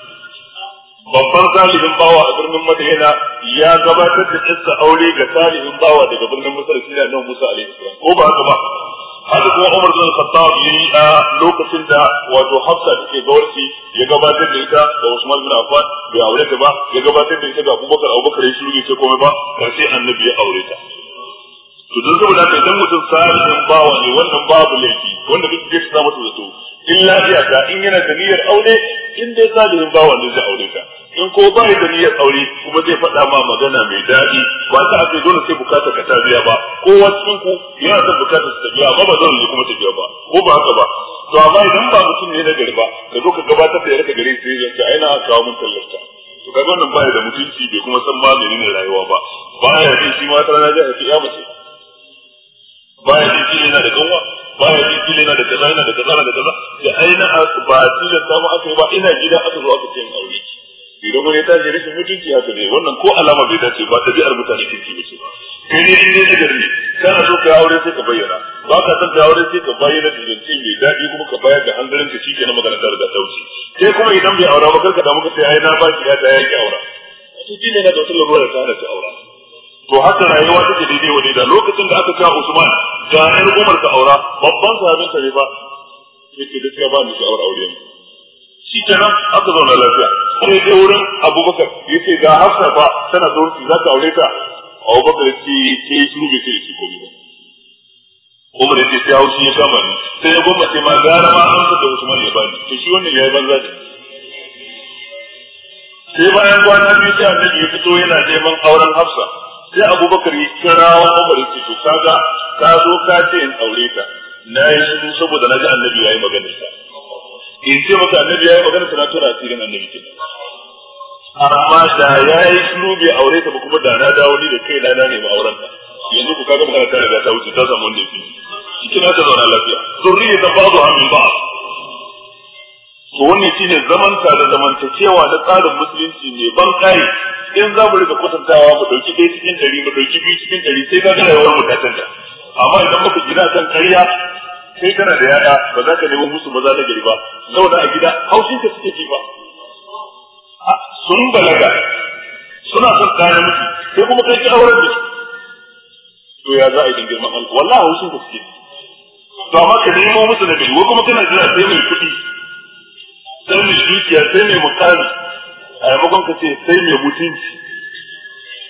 babban salihin bawa a birnin Madina ya gabatar da kissa aure ga salihin bawa daga birnin Masar shi ne annabi Musa alaihi ko ba haka ba haka kuma Umar bin Khattab yi a lokacin da wato Hafsa take gawarci ya gabatar da ita ga Usman bin Affan bai aure ta ba ya gabatar da ita ga Abubakar Abubakar ya shiru ne sai komai ba sai annabi ya aure ta to dan saboda haka idan mutum salihin bawa ne wannan babu laifi wanda duk zai sa masa zato in lafiya ka in yana da niyyar aure in dai salihin bawa ne zai aure ka in ko ba da niyyar aure kuma zai faɗa ma magana mai daɗi ba ta ake dole sai bukatar ka ta biya ba ko cikin ku yana son bukatar ta biya ba ba zan yi kuma ta biya ba ko ba haka ba to amma idan ba mutum ne na gari ba ka zo ka gabatar da yarka gare sai ya ce ai na kawo mun tallafta to kaga wannan ba da mutunci bai kuma san ma menene rayuwa ba ba ya ji shi ma tana da ya mace baya jin kila yana da ganwa baya jin kila yana da kaza yana da kaza yana da kaza da aina ba tilasta mu aka yi ba ina gida aka zo aka ce in aure ki idan wani ta ce rashin mutunci haka ne wannan ko alama bai dace ba ɗabi'ar mutane kirki ba ce ba kai ne in dai na gari kana so ka aure sai ka bayyana ba ka san ka aure sai ka bayyana da zance mai daɗi kuma ka bayar da hanzarin ka shikenan magana ta riga ta wuce sai kuma idan bai aura ba karka damu ka sai ai na ba ki ya ta yaki aura to shi ne na da wata lura da ta hana ta aura to haka rayuwa take daidai wani da lokacin da aka cewa Usman ga ɗan Umar ka aura babban sahabin ka ne ba yake gaskiya ba ni sha'awar aure ne shi kenan aka zauna lafiya sai je wurin Abubakar yake ga Hafsa ba tana da wurfi za ka aure ta Abubakar ce ke shiru bai ce shi komai ba Umar yace sai haushi ya kama ni sai ya ce ma gara ma an da Usman ya bani to shi wannan yayi banza ne sai bayan kwana biyu sai annabi ya fito yana neman auren Hafsa sai abubakar ya kira wani umar ce to kaga ka zo ka ce in aure ta na yi shiru saboda na ji annabi ya yi magana ta in ce maka annabi ya yi magana ta na tura asirin annabi ke amma da ya yi shiru bai aure ta ba kuma da na dawo ni da kai na ne ma auren ta yanzu ku kaga magana ta riga ta wuce ta samu wanda ya fi cikin ta zauna lafiya zurriya ta bazu hannun ba to wannan shine zamanta da zamantakewa na tsarin musulunci mai ban kai in za mu riga kwatantawa mu dauki ɗaya cikin ɗari mu dauki biyu cikin ɗari sai ka ga yawan mutacen ta amma idan muka gina kan ƙarya sai kana da yaya ba za ka nemo musu maza na gari ba zauna a gida haushin ka suke jifa sun balaga suna son kayan musu sai kuma kai ki auren da to ya za a yi din girman Allah wallahi haushin ka suke to amma ka nemo musu na gari ko kuma kana jira sai mai kuɗi sai mai dukiya sai mai mukami a yamakon ka ce sai mai mutunci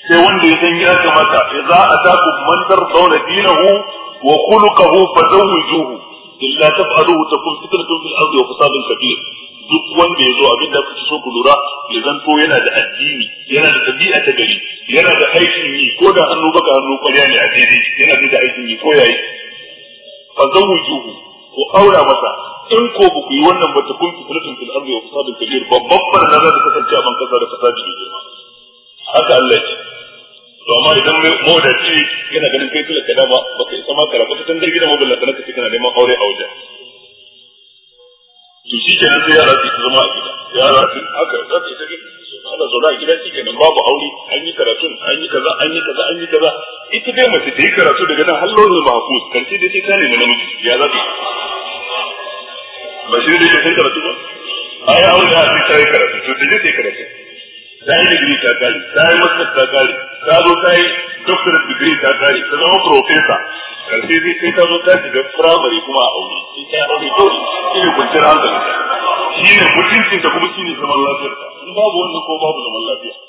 sai wanda ya san ya kamata ya za a taku man tarzauna dinahu wa khuluquhu fazawwijuhu illa taf'aluhu takun fitnatun fil ardi wa fasadun kabir duk wanda ya zo abin da kuke so ku lura ya zanto yana da addini yana da tabi'a ta gari yana da aikin yi ko da hannu baka hannu kwarya ne a daidai yana da aikin yi ko yayi fazawwijuhu ko aura masa in ko ba ku yi wannan ba ta kun fitratun fil ardi wa fasadun kabir babban barna za ta kasance a ban kasa da fasadi mai girma haka Allah ya to amma idan mai modaci yana ganin kai talaka da ba baka isa ma Tun baka gida gidan maballa kana kace kana neman aure a waje to shi kenan sai yara su zama a gida yara su haka za su tafi ana zaune a gida shi kenan babu aure an yi karatun an yi kaza an yi kaza an yi kaza ita dai mace da yi karatu daga nan har launin mahfuz karshe dai sai ta nemi namiji ya za ta ba shi ne da sai karatu ba a yi aure da sai sai karatu to da sai karatu ta yi digiri ta kare ta yi master ta kare ta zo ta yi doctorate degree ta kare ta zama professor karfe zai kai ta zo ta shiga primary kuma a aure shi ne kwanciyar hankali shi ne mutuncin ta kuma shi ne zaman lafiyar ta in babu wannan ko babu zaman lafiya